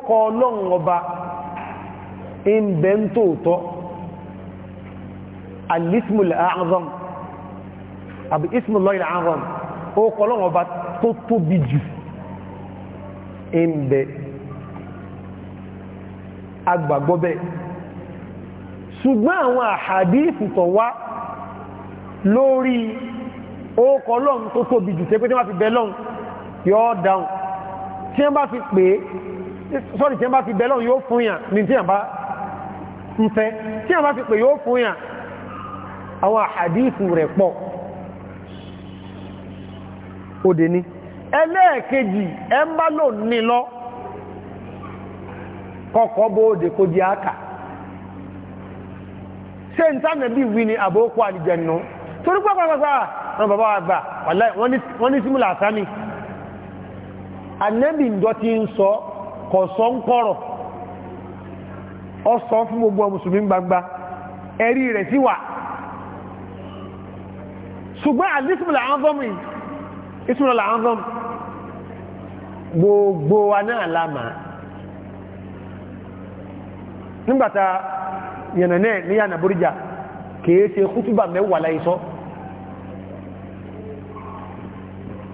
kọ ọlọ́run ọba ń bẹ ń tóòtọ́ alismul a'zam àbí ismullahi al-a'zam ó kọlọ́wọ́ bá tó tóbi jù ń bẹ agbàgbọ́bẹ̀ ṣùgbọ́n àwọn àhàdíìsì tó wá lórí ókọ lọ́n tó tóbi jù tẹ́ pé tí wọ́n fi bẹ lọ́n dáun tí wọ́n bá fi pè é sọ́rì tí wọ́n bá fi bẹ yóò fún yàn ní tí wọ́n bá ń fẹ́ tí a bá fi pè yóò fún yà àwọn àdífù rẹ̀ pọ̀ òdè ní ẹlẹ́ẹ̀kejì ẹ ń bá lò ní lọ kọ́kọ́ bó òdè kó di ákà ṣe ń tánà bí wí ni àbókò àlìjẹ̀nù torí pọ́pọ́pọ́pọ́ bàbá ní simula ti ọ sọ fún gbogbo mùsùlùmí gbangba ẹ̀rí rẹ̀ sí wà ṣùgbọ́n àdísìmìlà anzọ́mù ìsìmìlà anzọ́mù gbogbo wa náà lámà nígbàtà yànnànẹ́ ní yànnà bóríjà kìí ṣe kútùbà mẹ́wàá láìsọ́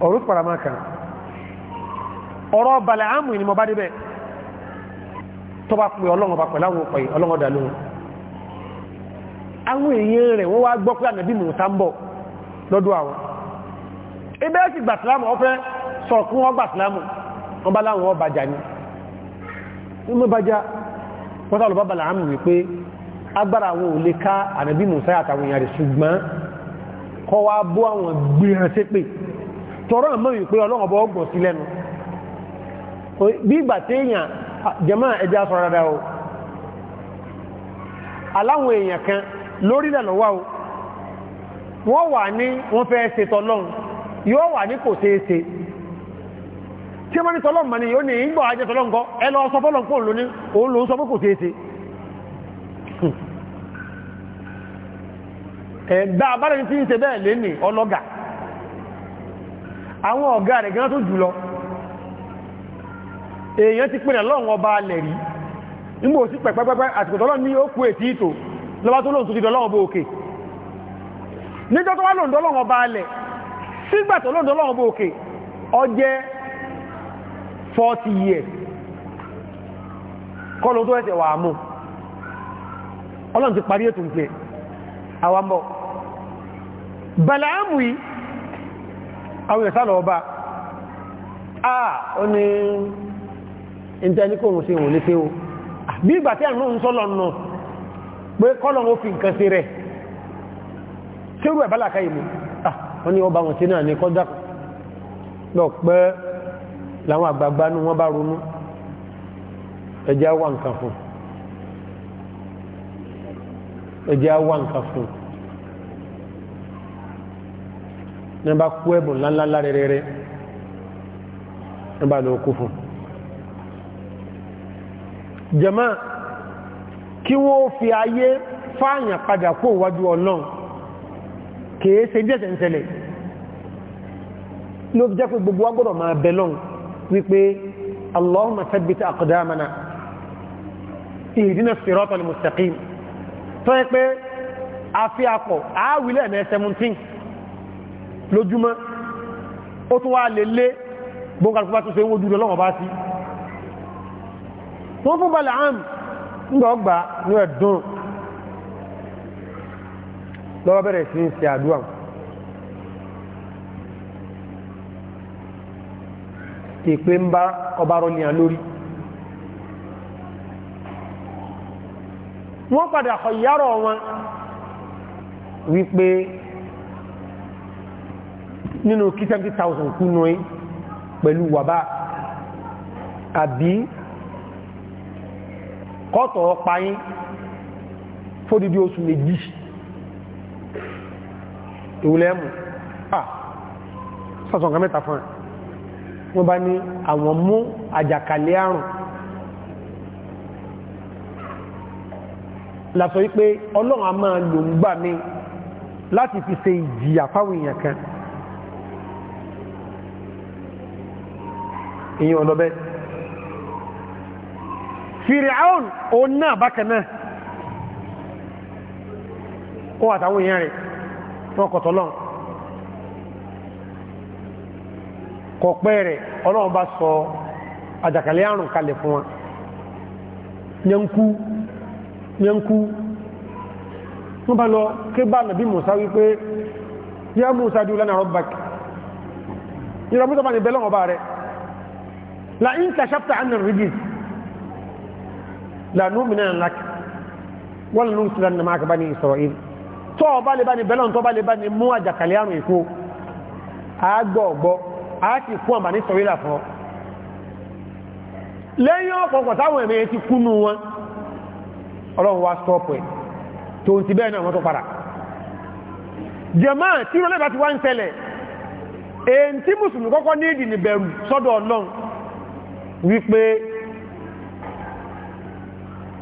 ọ̀rọ̀ paramaka ọ̀rọ̀ balẹ̀ àmù ni mo bá débẹ̀ tó bá pè ọlọ́run bá pẹ̀lú àwọn òpè ọlọ́run dà lóhun àwọn èèyàn rẹ̀ wọ́n wá gbọ́ pé ànàbí mùsà ń bọ̀ lọ́dọ̀ àwọn ibẹ́ sì gbà sílámù ọ́fẹ́ sọ̀rọ̀ kún wọ́n gbà sílámù wọ́n bá láwọn ọba jà ní wọ́n mọ́ bá já pọ́tà lọ bábà láàmù wípé agbára àwọn ò lè ká ànàbí mùsà àtàwọn èèyàn rẹ̀ ṣùgbọ́n kọ́ wá bó àwọn gbìyàn pé tọrọ jama ẹja sọ rárá o aláwọn èèyàn kan lórí ìdànàwà o wọ́n wà ní wọ́n fẹ́ ṣe tọ́lọ́un yóò wà ní kò ṣe é ṣe tí wọ́n ní mọ̀ ní yóò ní ìgbọ̀ ajẹ́ kọ́ ẹ lọ sọ fọ́lọ́un kò lóní òun ló sọ ṣe èèyàn ti pínlẹ̀ lọ́wọ́ ọba alẹ̀ rí nígbò sí pẹ̀pẹ́pẹ́pẹ́ àtìkòtọ́lọ́ ní ó kú ètí ìtò lọ́wọ́ tó lóòtú dídọ́ lọ́wọ́ bó òkè níjọ́ tó wá lóòtọ́ lọ́wọ́ ọba alẹ̀ sígbà tó lóòtọ́ lọ́wọ́ bó òkè ọjẹ́ 40 years kọlù tó ẹsẹ̀ wà mú ọlọ́run ti parí ètò ìpẹ́ àwambọ̀ bàláàmù yìí àwọn ìsàlọ̀ ọba ah ó ní ìtẹ́ni kò sí òun lété o bí ìgbà tí àrùn ń sọ́lọ̀ nù pé kọ́lọ̀ ó fi nǹkan sí rẹ̀ tí ó rú ẹ̀bá làkà ìmú wọ́n ni ọba wọn sí náà ní kọjá lọ pẹ́ láwọn àgbàgbà ní wọ́n bá ronú ẹjẹ́ wà nǹkan fún ẹjẹ́ wà nǹkan fún ní bá kú fún jẹ̀mọ́ kí wọ́n fi ayé fáàyàn padà kó wájú ọlọ́run kìí ṣe bí ẹ̀sẹ̀ ń ṣẹlẹ̀ ló jẹ́ pé gbogbo agbọ́dọ̀ máa bẹ lọ́n wípé allahumma thabbit aqdamana ihdina siratal mustaqim tó yẹ pé àfi akọ̀ àáwílẹ̀ ẹ̀mẹ́ 17 lójúmọ́ ó tún wá lè lé gbogbo àkókò bá ṣe ń wojú lọ́wọ́ bá sí wọ́n fún Balaam ńgbà ọgbà ní ẹ̀dùn lọ́wọ́ bẹ̀rẹ̀ sí ń ṣe àdúwà ìpé ń bá ọba rọlìyàn lórí wọ́n padà wọn wípé nínú kí 70,000 kú nù pẹ̀lú wàbá kọ́tọ̀ payín fódìdí oṣù méjì ìwúlẹ́mù ah sọ́sọ̀ nǹkan mẹ́ta fún ẹ̀ wọ́n bá ní àwọn mú àjàkálẹ̀ àrùn lásọ wípé ọlọ́run a máa lò ń gbà mí láti fi ṣe ìjìyà fáwọn èèyàn kan èèyàn ọlọ́bẹ́ fìrìáùn òun náà bákanáà ó àtàwọn èèyàn rẹ̀ wọ́n kọ̀tọ̀ lọ́n kọ̀pẹ́ rẹ̀ ọlọ́run bá sọ àjàkálẹ̀ àrùn kalẹ̀ fún wọn yankú yankú wọ́n bá lọ ké bá nàbí Musa wípé yá Musa dúró lánàá rọ́bàk la in kashafta annar rijis la nu'minanna lak wala nursilanna ma'aka bani Isra'il tó ọba lè bá ní bẹ́lọ́n tó bá lè bá ní mú àjàkálẹ̀ àrùn ìkó àgbọ̀ọ̀gbọ́ a ti kú àmà ní sọ̀rílà fún ọ lẹ́yìn ọ̀pọ̀pọ̀ táwọn ẹ̀mẹ́ ti kúnnú wọn ọlọ́run wá stọ́ọ̀pù ẹ̀ tó ti bẹ́ẹ̀ náà wọ́n tó padà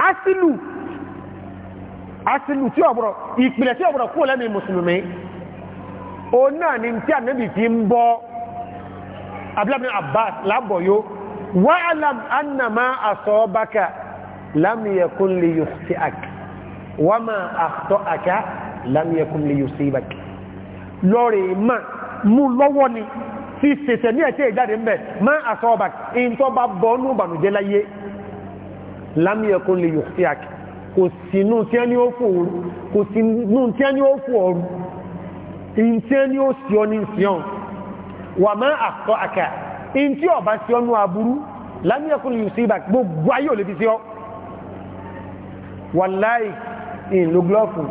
asìlù asìlù tí ọ̀bọ̀rọ̀ ìpìlẹ̀ tí ọ̀bọ̀rọ̀ kúrò lẹ́mìí mùsùlùmí o náà ni tí ànẹ́bì fi ń bọ́ abúlábìn abbas lábọ̀yó wà alam annama asọ́baka lámìyẹkún lè yóò sí àkì wà máa àtọ́ àkà lámìyẹkún lè yóò sí ìbàkì lọ́rẹ̀ ma mú lọ́wọ́ ni fi sẹ̀sẹ̀ ní ẹ̀tẹ́ ìjáde ń bẹ̀ máa àsọ́baka in bá bọ́ nú bànújẹ́ láyé lámìẹ̀kún lè yòó sí àkì kò sínú tí ẹni ó fò oru kò sínú tí ẹni ó fò oru in tí ẹni ó sí ọ ní ìsìyàn wà mọ́ àkọ́ àkà in tí ọba sí ọnú aburú lámìẹ̀kún lè yòó sí ìbàkì gbogbo ayé ò lè fi sí ọ wàláì ìlú glọ́fù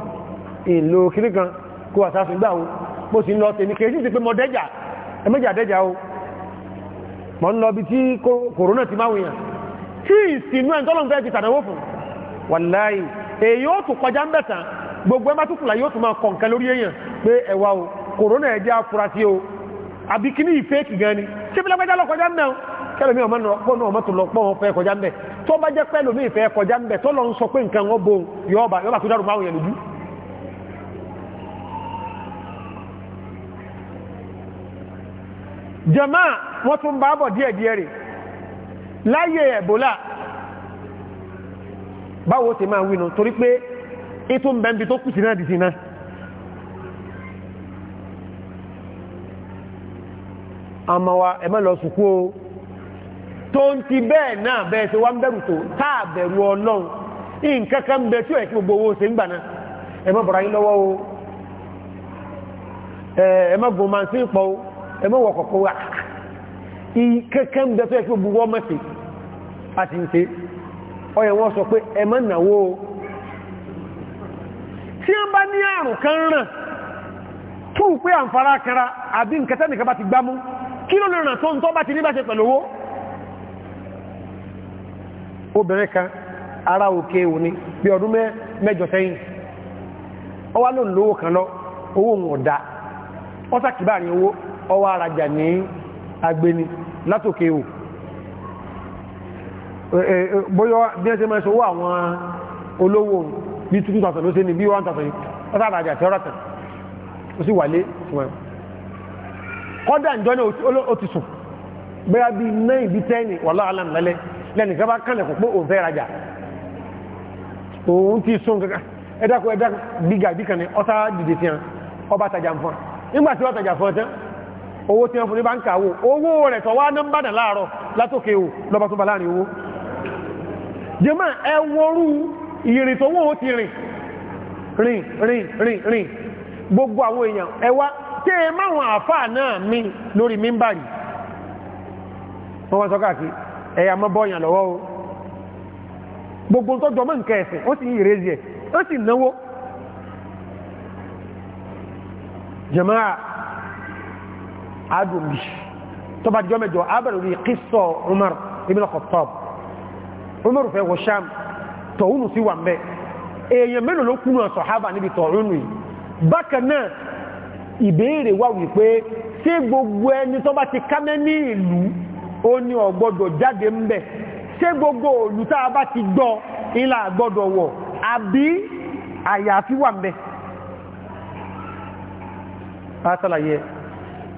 ìlú kìrìkan kó wà sáfin gbà ó bó sì ń lọ tèmi kèéjì ti pé mọ́ dẹ́jà ẹmẹ́jà dẹ́jà ó mọ́ ń lọ bí tí kòrónà ti máa tí ìsìnú ẹ̀ tọ́lọ̀ fẹ́ fi tàdánwò fún wàláì èyí ó tún kọjá ń bẹ̀tàn gbogbo ẹ má tún fìlà yóò tún máa kọ̀ǹkẹ́ lórí èèyàn pé ẹ̀wà o kòrónà ẹ̀ jẹ́ afurasí o àbí kí ní ìfẹ́ẹ̀kì gan ni ṣé fìlàpẹ́já lọ kọjá ń bẹ̀ kẹ́lẹ̀ mi ọmọ náà tó lọ pọ́ wọn fẹ́ kọjá ń bẹ̀ tó bá jẹ́ pẹ́lú mi ìfẹ́ kọjá ń bẹ̀ tó lọ ń sọ pé nǹkan wọn bo yọba yọba tó dárò máwùn yẹn lójú jẹ́mà wọ́n tún bá bọ̀ díẹ̀díẹ̀ rẹ̀ láyé ẹ̀bọ́lá báwo ti máa wínú torí pé ètò mbẹ̀mbi tó kù náà dìsí náà àmàwà ẹ̀mẹ́lọ sùkú o tó ń ti bẹ́ẹ̀ náà bẹ́ẹ̀ sí wá ń bẹ̀rù tó táà bẹ̀rù ọlọ́run nǹkankan ń bẹ ẹ̀kí gbogbo o sí a nke, ń ṣe ọyẹ̀ wọ́n sọ pé ẹmọ́ ìnáwó tí a bá ní àrùn kan ràn tó pé àǹfàrà kanra àbí nkẹta nìkan bá ti gbámú kí ló lè na tó ń tọ́ bá ti ní bá ṣe pẹ̀lú owó obìnrin kan ara òkè òní bí ọdún mẹ́jọ sẹ́yìn lówó kan lọ owó ọ̀dá owó arajà ní agbeni látòkè òkè Eh, eh, eh, bóyọ́ bí ẹ́ ṣe máa ṣòwò àwọn olówó bí 2000 ló ṣe ní bí 1000 ọ́sàbàjà tí ọ́rọ̀tàn ó sì wàlé ṣùgbọ́n kọ́dà ìjọ ní ó ti sùn bóyá bí 9 bí 10 wàlá alámìlẹ́lẹ́ lẹ́nì kẹfà kànlẹ̀ kò pé òun fẹ́ rajà òun ti sùn kankan ẹ̀dàkù ẹ̀dàkù bíga bí kan ní ọ́sà dìde fi hàn ọba tajà fún nígbà tí wọ́n tajà fún ọtán owó tí wọ́n fún ní báńkà wo owó rẹ̀ tọ́wọ́ nọ́mbà náà láàárọ̀ látòkè o lọ́ba tó bá láàrin owó jẹmọ́ ẹwọrú ìrìn tó wọ́n ti rìn rìn rìn rìn rìn gbogbo àwọn èèyàn ẹwà tí ẹ máwọn àfáà náà mi lórí mímbàrí wọ́n wọ́n sọ́kà sí ẹ̀yà mọ́ bọ́yàn lọ́wọ́ o gbogbo tó jọmọ́ nǹkan ẹ̀sìn ó sì ń ìrèzì ẹ̀ ó sì náwó jẹmọ́ra adùn tó bá jọmẹ́jọ abẹ̀rẹ̀ Umar fẹ́ wọ Sham tọ̀húnù sí wà mẹ́ èèyàn mélòó ló kúnnà sọ̀hábà níbi tọ̀húnù yìí bákan náà ìbéèrè wà wípé ṣé gbogbo ẹni tó bá ti kámẹ́ ní ìlú ó ní ọ̀gbọ́dọ̀ jáde gbogbo òlù tá a bá ti gbọ́ ilà àgbọ́dọ̀ wọ̀ àbí àyàfi wà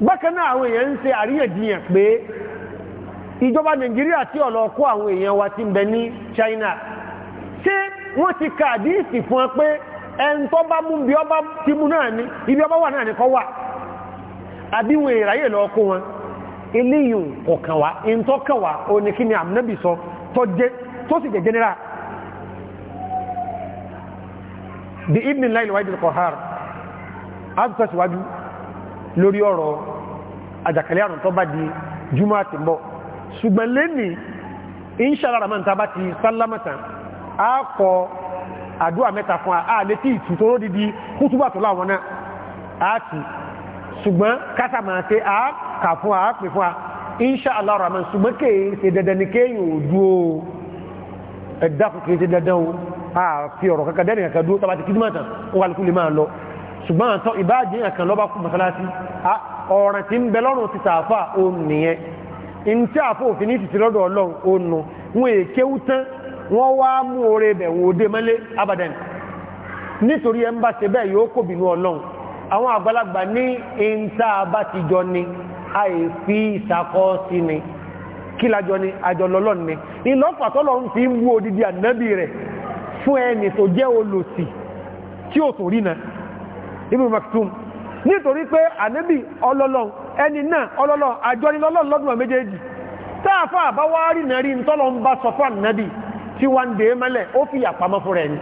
bákan náà àwọn èèyàn ìjọba nàìjíríà tí ọ̀lọ́ kó àwọn èèyàn wa ti ń China ṣe wọ́n ti ka àdíìsì fún ẹ pé ẹn tó bá mú ọba ti mú náà ní ibi ọba wà náà àbí wọn ìráyè lọ kó wọn eléyìn kọ̀kan wá in tó kí ni sọ tó sì general wáyé síwájú lórí ọ̀rọ̀ àrùn tó bá di jùmọ́ ṣùgbọ́n lẹ́ni inṣàlá ramán tàbá ti sálámàtà a kọ àdúwà mẹ́ta fún ààlẹ́ tí ìtù tó ródìdí kútúbà tó láwọn náà a ti ṣùgbọ́n kásà tẹ́ a kà fún a pè fún a inṣàlá ramán ṣùgbọ́n kèé ṣe dandan ní kéyìn òdúó ẹ̀dáfù kèé ṣe dandan a fi ọ̀rọ̀ kankan dẹ́nì kankan dúró tàbá ti kí ṣùgbọ́n àtọ́ ìbáàjì yàn kan lọ́bá kú mọ́sálásí ọ̀ràn tí ń bẹ lọ́rùn ti sàáfà ntí àfọ òfin ní títí lọ́dọ̀ ọlọ́run ó nu wọn èkéwú tán wọ́n wá mú oore bẹ̀ nitori òde mọ́lé abadan nítorí ẹ ń bá ṣe bẹ́ẹ̀ yóò kò ọlọ́run àwọn àgbàlagbà ní ìntà bá ti jọ ni àìfi ìsàkọ́ sí ni kí lájọ ni àjọlọ́lọ́ ni tọ́lọ́ ń fi ń wú odidi ànábì rẹ̀ fún ẹni tó jẹ́ olòsì tí ó tò rí na Ibn Maktum nítorí pé ànábì ọlọ́lọ́run ẹni náà ọlọ́lọ́ àjọnilọ́lọ́ lọ́dún méjèèjì táàfà àbáwárí nàrí tọ́lọ ń bá sọfà nàbì tí wà ń dè mẹ́lẹ̀ ó fi àpamọ́ fún rẹ̀ ni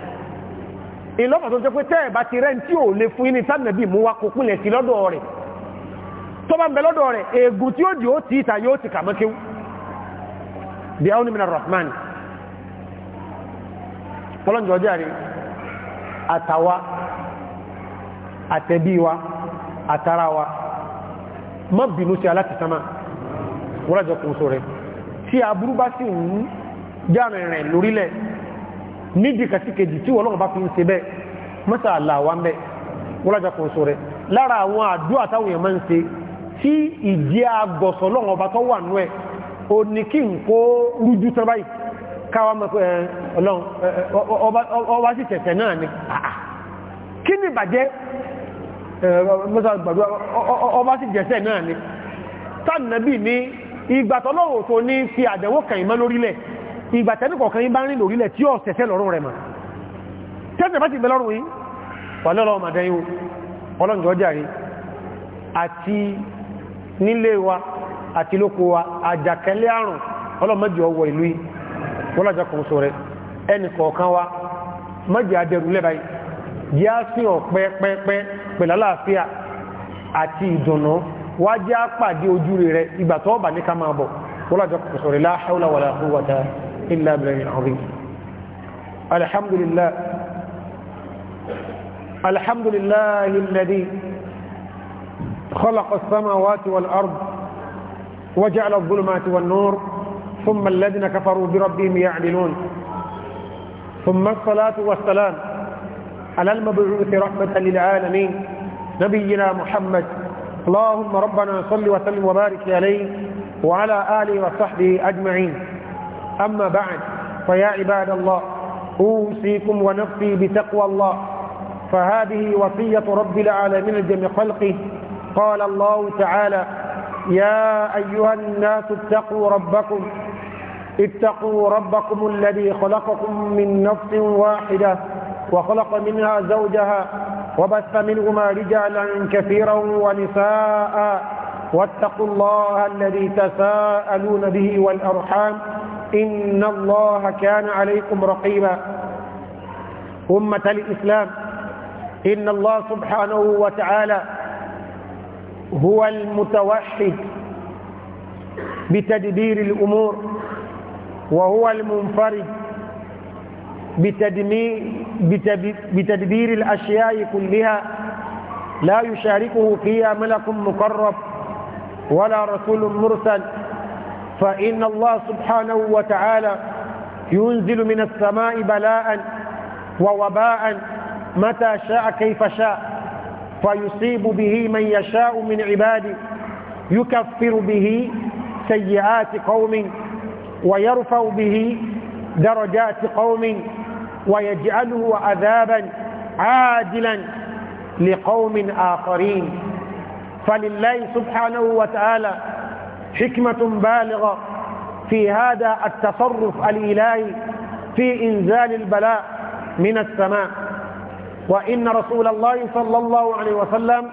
ìlọ́pàá tó jẹ́ pé tẹ́ẹ̀bá ti rẹ̀ tí ò lè fún ní sánàbì mú wa kò kúnlẹ̀ sí lọ́dọ̀ rẹ̀ atarawa má bínú sí alátìsámá wọ́lájọ kò sọ rẹ̀ tí aburú bá sì ń járìnrìn lórílẹ̀ nídìí kàtíkèjì tí wọ́n lọ́nà bá fi ń ṣe bẹ́ẹ̀ mọ́sà àlàwà mẹ́ wọ́lájọ kò sọ rẹ̀ lára àwọn àdúrà táwọn èèyàn máa ń ṣe tí ìdí agọ̀sọ̀ lọ́wọ́ ọba tó wà nú ẹ̀ o ní kí n kó rújú tán báyìí káwa mọ̀ pé ọlọ́run ọba sì tẹ̀tẹ̀ náà ni kí ni ìbàjẹ́ mọ́sá gbàdúrà ọba sì jẹ́sẹ̀ náà ni tánàbí ní ìgbà tọ́lọ́wọ́ tó ní fi àdẹ̀wò kàn mọ́ lórílẹ̀ ìgbà tẹ́nì kọ̀ọ̀kan yín bá rìn lórílẹ̀ tí ó sẹ̀sẹ̀ lọ́rùn rẹ̀ mà tẹ́sẹ̀ bá ti bẹ lọ́rùn yín wà lọ́lọ́ màdẹ́yìn wa àti lóko wa àjàkálẹ̀ àrùn ọlọ́mọdé ọwọ́ ìlú yìí wọ́n lájọ yá sí ọ̀pẹ́ pẹ́pẹ́ pẹ̀lú àlàáfíà àti ìdùnnú wá jẹ́ àpàdé ojú rẹ̀ ìgbà tó bà ní ká máa bọ̀ wọ́lájọ́ kòsòrò la hawla wala quwwata illa billahi al خلق السماوات والأرض وجعل الظلمات والنور ثم الذين كفروا بربهم يعدلون ثم الصلاة والسلام على المبعوث رحمة للعالمين نبينا محمد اللهم ربنا صل وسلم وبارك عليه وعلى آله وصحبه أجمعين أما بعد فيا عباد الله أوصيكم ونفسي بتقوى الله فهذه وصية رب العالمين جميع خلقه قال الله تعالى يا أيها الناس اتقوا ربكم اتقوا ربكم الذي خلقكم من نفس واحدة وخلق منها زوجها وبث منهما رجالا كثيرا ونساء واتقوا الله الذي تساءلون به والأرحام إن الله كان عليكم رقيبا أمة الإسلام إن الله سبحانه وتعالى هو المتوحد بتدبير الأمور وهو المنفرد بتدبير الأشياء كلها لا يشاركه فيها ملك مقرب ولا رسول مرسل فإن الله سبحانه وتعالى ينزل من السماء بلاء ووباء متى شاء كيف شاء فيصيب به من يشاء من عباده يكفر به سيئات قوم ويرفع به درجات قوم ويجعله عذابا عادلا لقوم آخرين فلله سبحانه وتعالى حكمة بالغة في هذا التصرف الإلهي في إنزال البلاء من السماء وإن رسول الله صلى الله عليه وسلم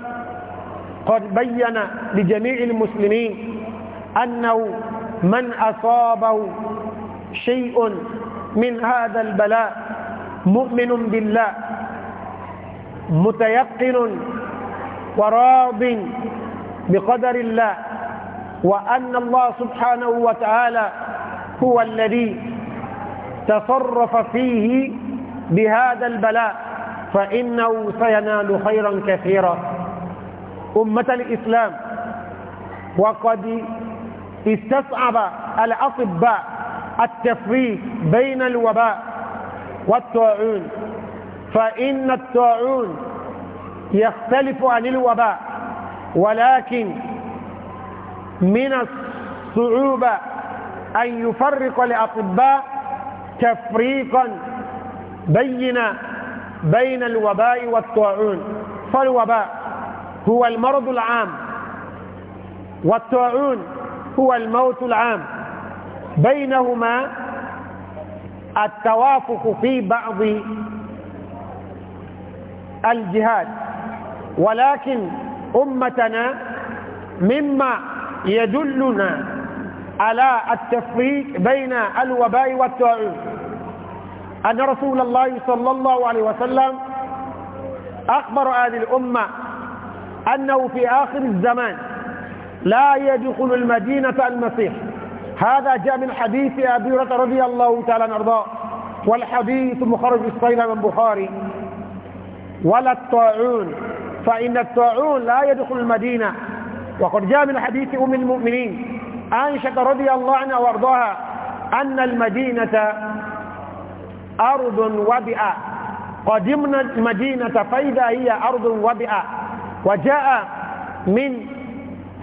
قد بين لجميع المسلمين أنه من أصابه شيء من هذا البلاء مؤمن بالله متيقن وراض بقدر الله وأن الله سبحانه وتعالى هو الذي تصرف فيه بهذا البلاء فإنه سينال خيرا كثيرا أمة الإسلام وقد استصعب الأطباء التفريق بين الوباء والطاعون فإن الطاعون يختلف عن الوباء ولكن من الصعوبة أن يفرق الأطباء تفريقا بين بين الوباء والطاعون فالوباء هو المرض العام والطاعون هو الموت العام بينهما التوافق في بعض الجهاد ولكن أمتنا مما يدلنا على التفريق بين الوباء والتوعيد أن رسول الله صلى الله عليه وسلم أخبر هذه الأمة أنه في آخر الزمان لا يدخل المدينة المسيح هذا جاء من حديث أبي هريرة رضي الله تعالى عنه أرضاه والحديث مخرج الصين من بخاري ولا الطاعون فإن الطاعون لا يدخل المدينة وقد جاء من حديث أم المؤمنين عائشة رضي الله عنها وارضاها أن المدينة أرض وبئة قدمنا المدينة فإذا هي أرض وبئة وجاء من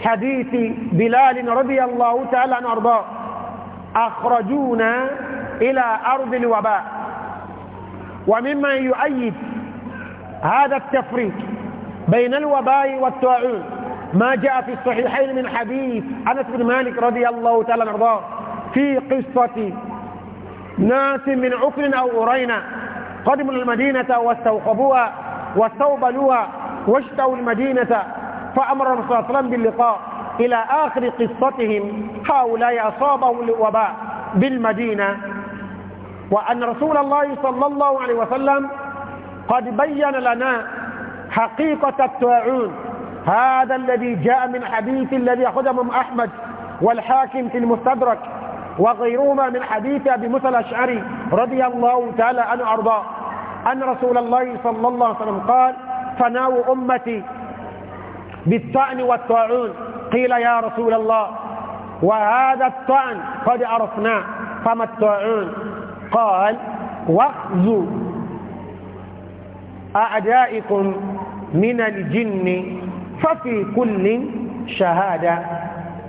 حديث بلال رضي الله تعالى عنه أرضاه أخرجونا إلى أرض الوباء ومما يؤيد هذا التفريق بين الوباء والتوعون ما جاء في الصحيحين من حديث أنس بن مالك رضي الله تعالى عنه في قصة ناس من عكر أو أرينا قدموا المدينة واستوقبوها واستوبلوها واشتوا المدينة فأمر الرسول صلى الله عليه وسلم باللقاء إلى آخر قصتهم هؤلاء أصابهم الوباء بالمدينة وأن رسول الله صلى الله عليه وسلم قد بين لنا حقيقة التواعون هذا الذي جاء من حديث الذي أخذه أحمد والحاكم في المستدرك وغيرهما من حديث أبي موسى الأشعري رضي الله تعالى عنه أرضاه أن رسول الله صلى الله عليه وسلم قال فناو أمتي بالطعن والطاعون قيل يا رسول الله وهذا الطعن قد عرفناه فما الطاعون قال واخذوا أعدائكم من الجن ففي كل شهادة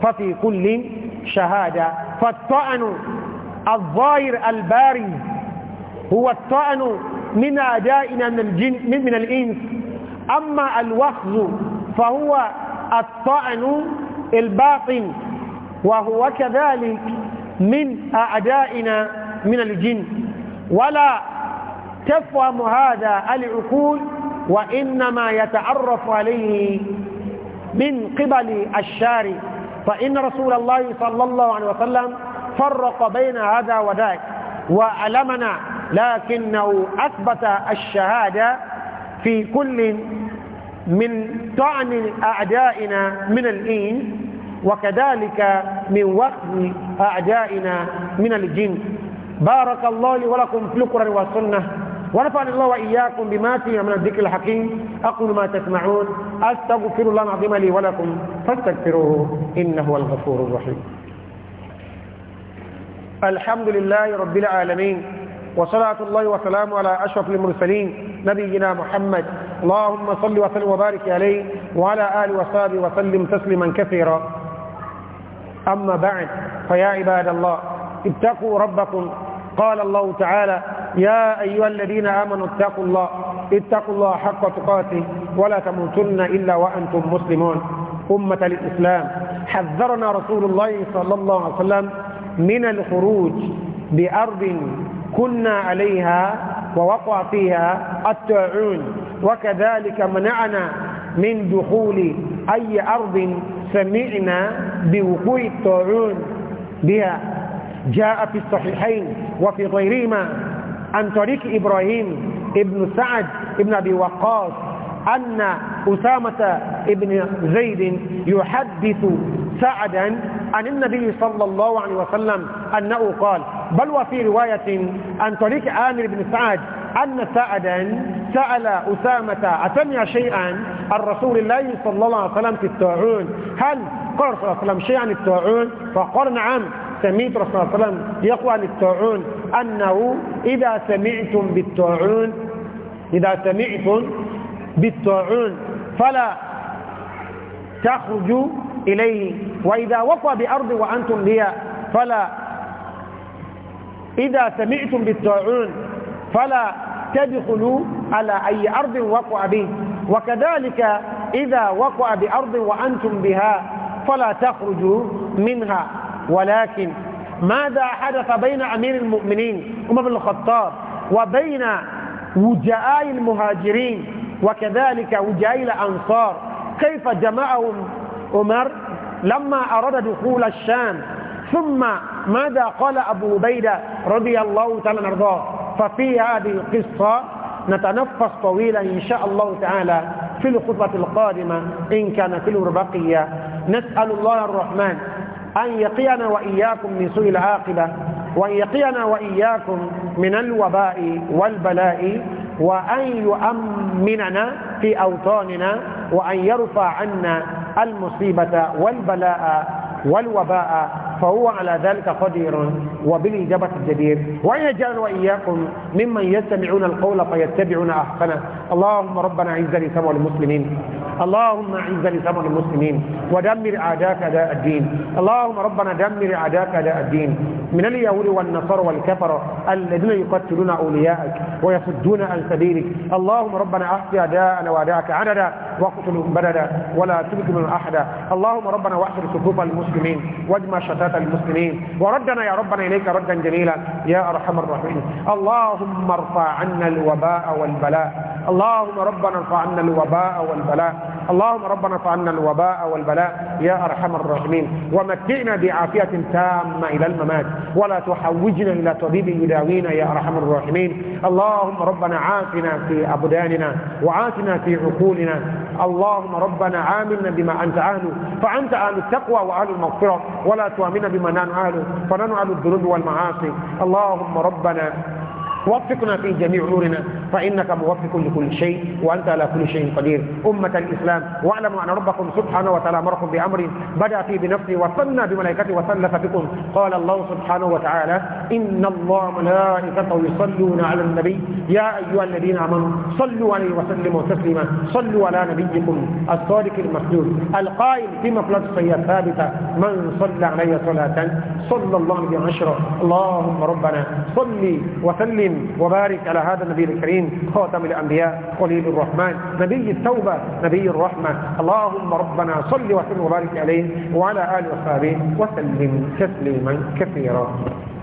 ففي كل شهادة فالطعن الظاهر البارز هو الطعن من أعدائنا من الجن من, من الإنس أما الوخز فهو الطعن الباطن وهو كذلك من أعدائنا من الجن ولا تفهم هذا العقول وإنما يتعرف عليه من قبل الشارع فإن رسول الله صلى الله عليه وسلم فرق بين هذا وذاك وعلمنا لكنه أثبت الشهادة في كل من طعن أعدائنا من الإن وكذلك من وقت أعدائنا من الجن بارك الله لي ولكم في القرآن والسنة ونفعني الله وإياكم بما فيه من الذكر الحكيم أقول ما تسمعون أستغفر الله العظيم لي ولكم فاستغفروه إنه هو الغفور الرحيم الحمد لله رب العالمين وصلاة الله وسلامه على أشرف المرسلين نبينا محمد اللهم صل وسلم وبارك عليه وعلى آله وصحبه وسلم تسليما كثيرا أما بعد فيا عباد الله اتقوا ربكم قال الله تعالى يا أيها الذين آمنوا اتقوا الله اتقوا الله حق تقاته ولا تموتن إلا وأنتم مسلمون أمة الإسلام حذرنا رسول الله صلى الله عليه وسلم من الخروج بأرض كنا عليها ووقع فيها الطاعون وكذلك منعنا من دخول أي أرض سمعنا بوقوع الطاعون بها جاء في الصحيحين وفي غيرهما عن طريق إبراهيم ابن سعد ابن أبي وقاص أن أسامة ابن زيد يحدث سعدا عن النبي صلى الله عليه وسلم أنه قال بل وفي رواية عن طريق عامر بن سعد أن سعدا سأل أسامة أسمع شيئا عن رسول الله صلى الله عليه وسلم في الطاعون هل قال رسول الله صلى الله عليه وسلم شيئا عن الطاعون فقال نعم سميت رسول الله صلى الله عليه وسلم يقول عن الطاعون أنه إذا سمعتم بالطاعون إذا سمعتم بالطاعون فلا تخرجوا إليه وإذا وقع بأرض وأنتم بها فلا إذا سمعتم بالطاعون فلا تدخلوا على أي أرض وقع به وكذلك إذا وقع بأرض وأنتم بها فلا تخرجوا منها ولكن ماذا حدث بين أمير المؤمنين عمر بن الخطاب وبين وجاء المهاجرين وكذلك وجاء الأنصار كيف جمعهم عمر لما أراد دخول الشام ثم ماذا قال أبو عبيدة رضي الله تعالى عنه ففي هذه القصة نتنفس طويلا إن شاء الله تعالى في الخطبة القادمة إن كان في الربقية نسأل الله الرحمن أن يقينا وإياكم من سوء العاقبة وأن يقينا وإياكم من الوباء والبلاء وأن يؤمننا في أوطاننا وأن يرفع عنا المصيبة والبلاء والوباء فهو على ذلك قدير وبالإجابة الجدير وأن يجعل وإياكم ممن يستمعون القول فيتبعون أحسنه اللهم ربنا أعز الإسلام والمسلمين اللهم اعز الاسلام المسلمين ودمر اعداءك اعداء الدين اللهم ربنا دمر اعداءك اعداء الدين من اليهود والنصارى والكفر الذين يقتلون أوليائك ويصدون عن سبيلك اللهم ربنا احصي اعداءنا واعداءك عددا واقتلهم بددا ولا تبك من احدا اللهم ربنا واحفظ صفوف المسلمين واجمع شتات المسلمين وردنا يا ربنا اليك ردا جميلا يا ارحم الراحمين اللهم ارفع عنا الوباء والبلاء اللهم ربنا ارفع عنا الوباء والبلاء اللهم ربنا فعلنا الوباء والبلاء يا أرحم الراحمين ومتعنا بعافية تامة إلى الممات ولا تحوجنا إلى طبيب يداوينا يا أرحم الراحمين اللهم ربنا عافنا في أبداننا وعافنا في عقولنا اللهم ربنا عاملنا بما أنت أهله فأنت أهل التقوى وأهل المغفرة ولا تؤمن بما نحن أهله فنحن الذنوب والمعاصي اللهم ربنا وفقنا في جميع أمورنا فإنك موفق لكل شيء وأنت على كل شيء قدير أمة الإسلام واعلموا أن ربكم سبحانه وتعالى أمركم بأمر بدأ فيه بنفسه وصلنا بملائكته وثلث بكم قال الله سبحانه وتعالى إن الله ملائكته يصلون على النبي يا أيها الذين آمنوا صلوا عليه وسلموا تسليما صلوا على نبيكم الصادق المسجود القائل في مفلات السيئة ثابتة من صلى علي صلاة صلى الله عليه عشرة اللهم ربنا صلي وسلم وبارك على هذا النبي الكريم خاتم الأنبياء خليل الرحمن نبي التوبة نبي الرحمة اللهم ربنا صل وسلم وبارك عليه وعلى آله وصحبه وسلم تسليما كثيرا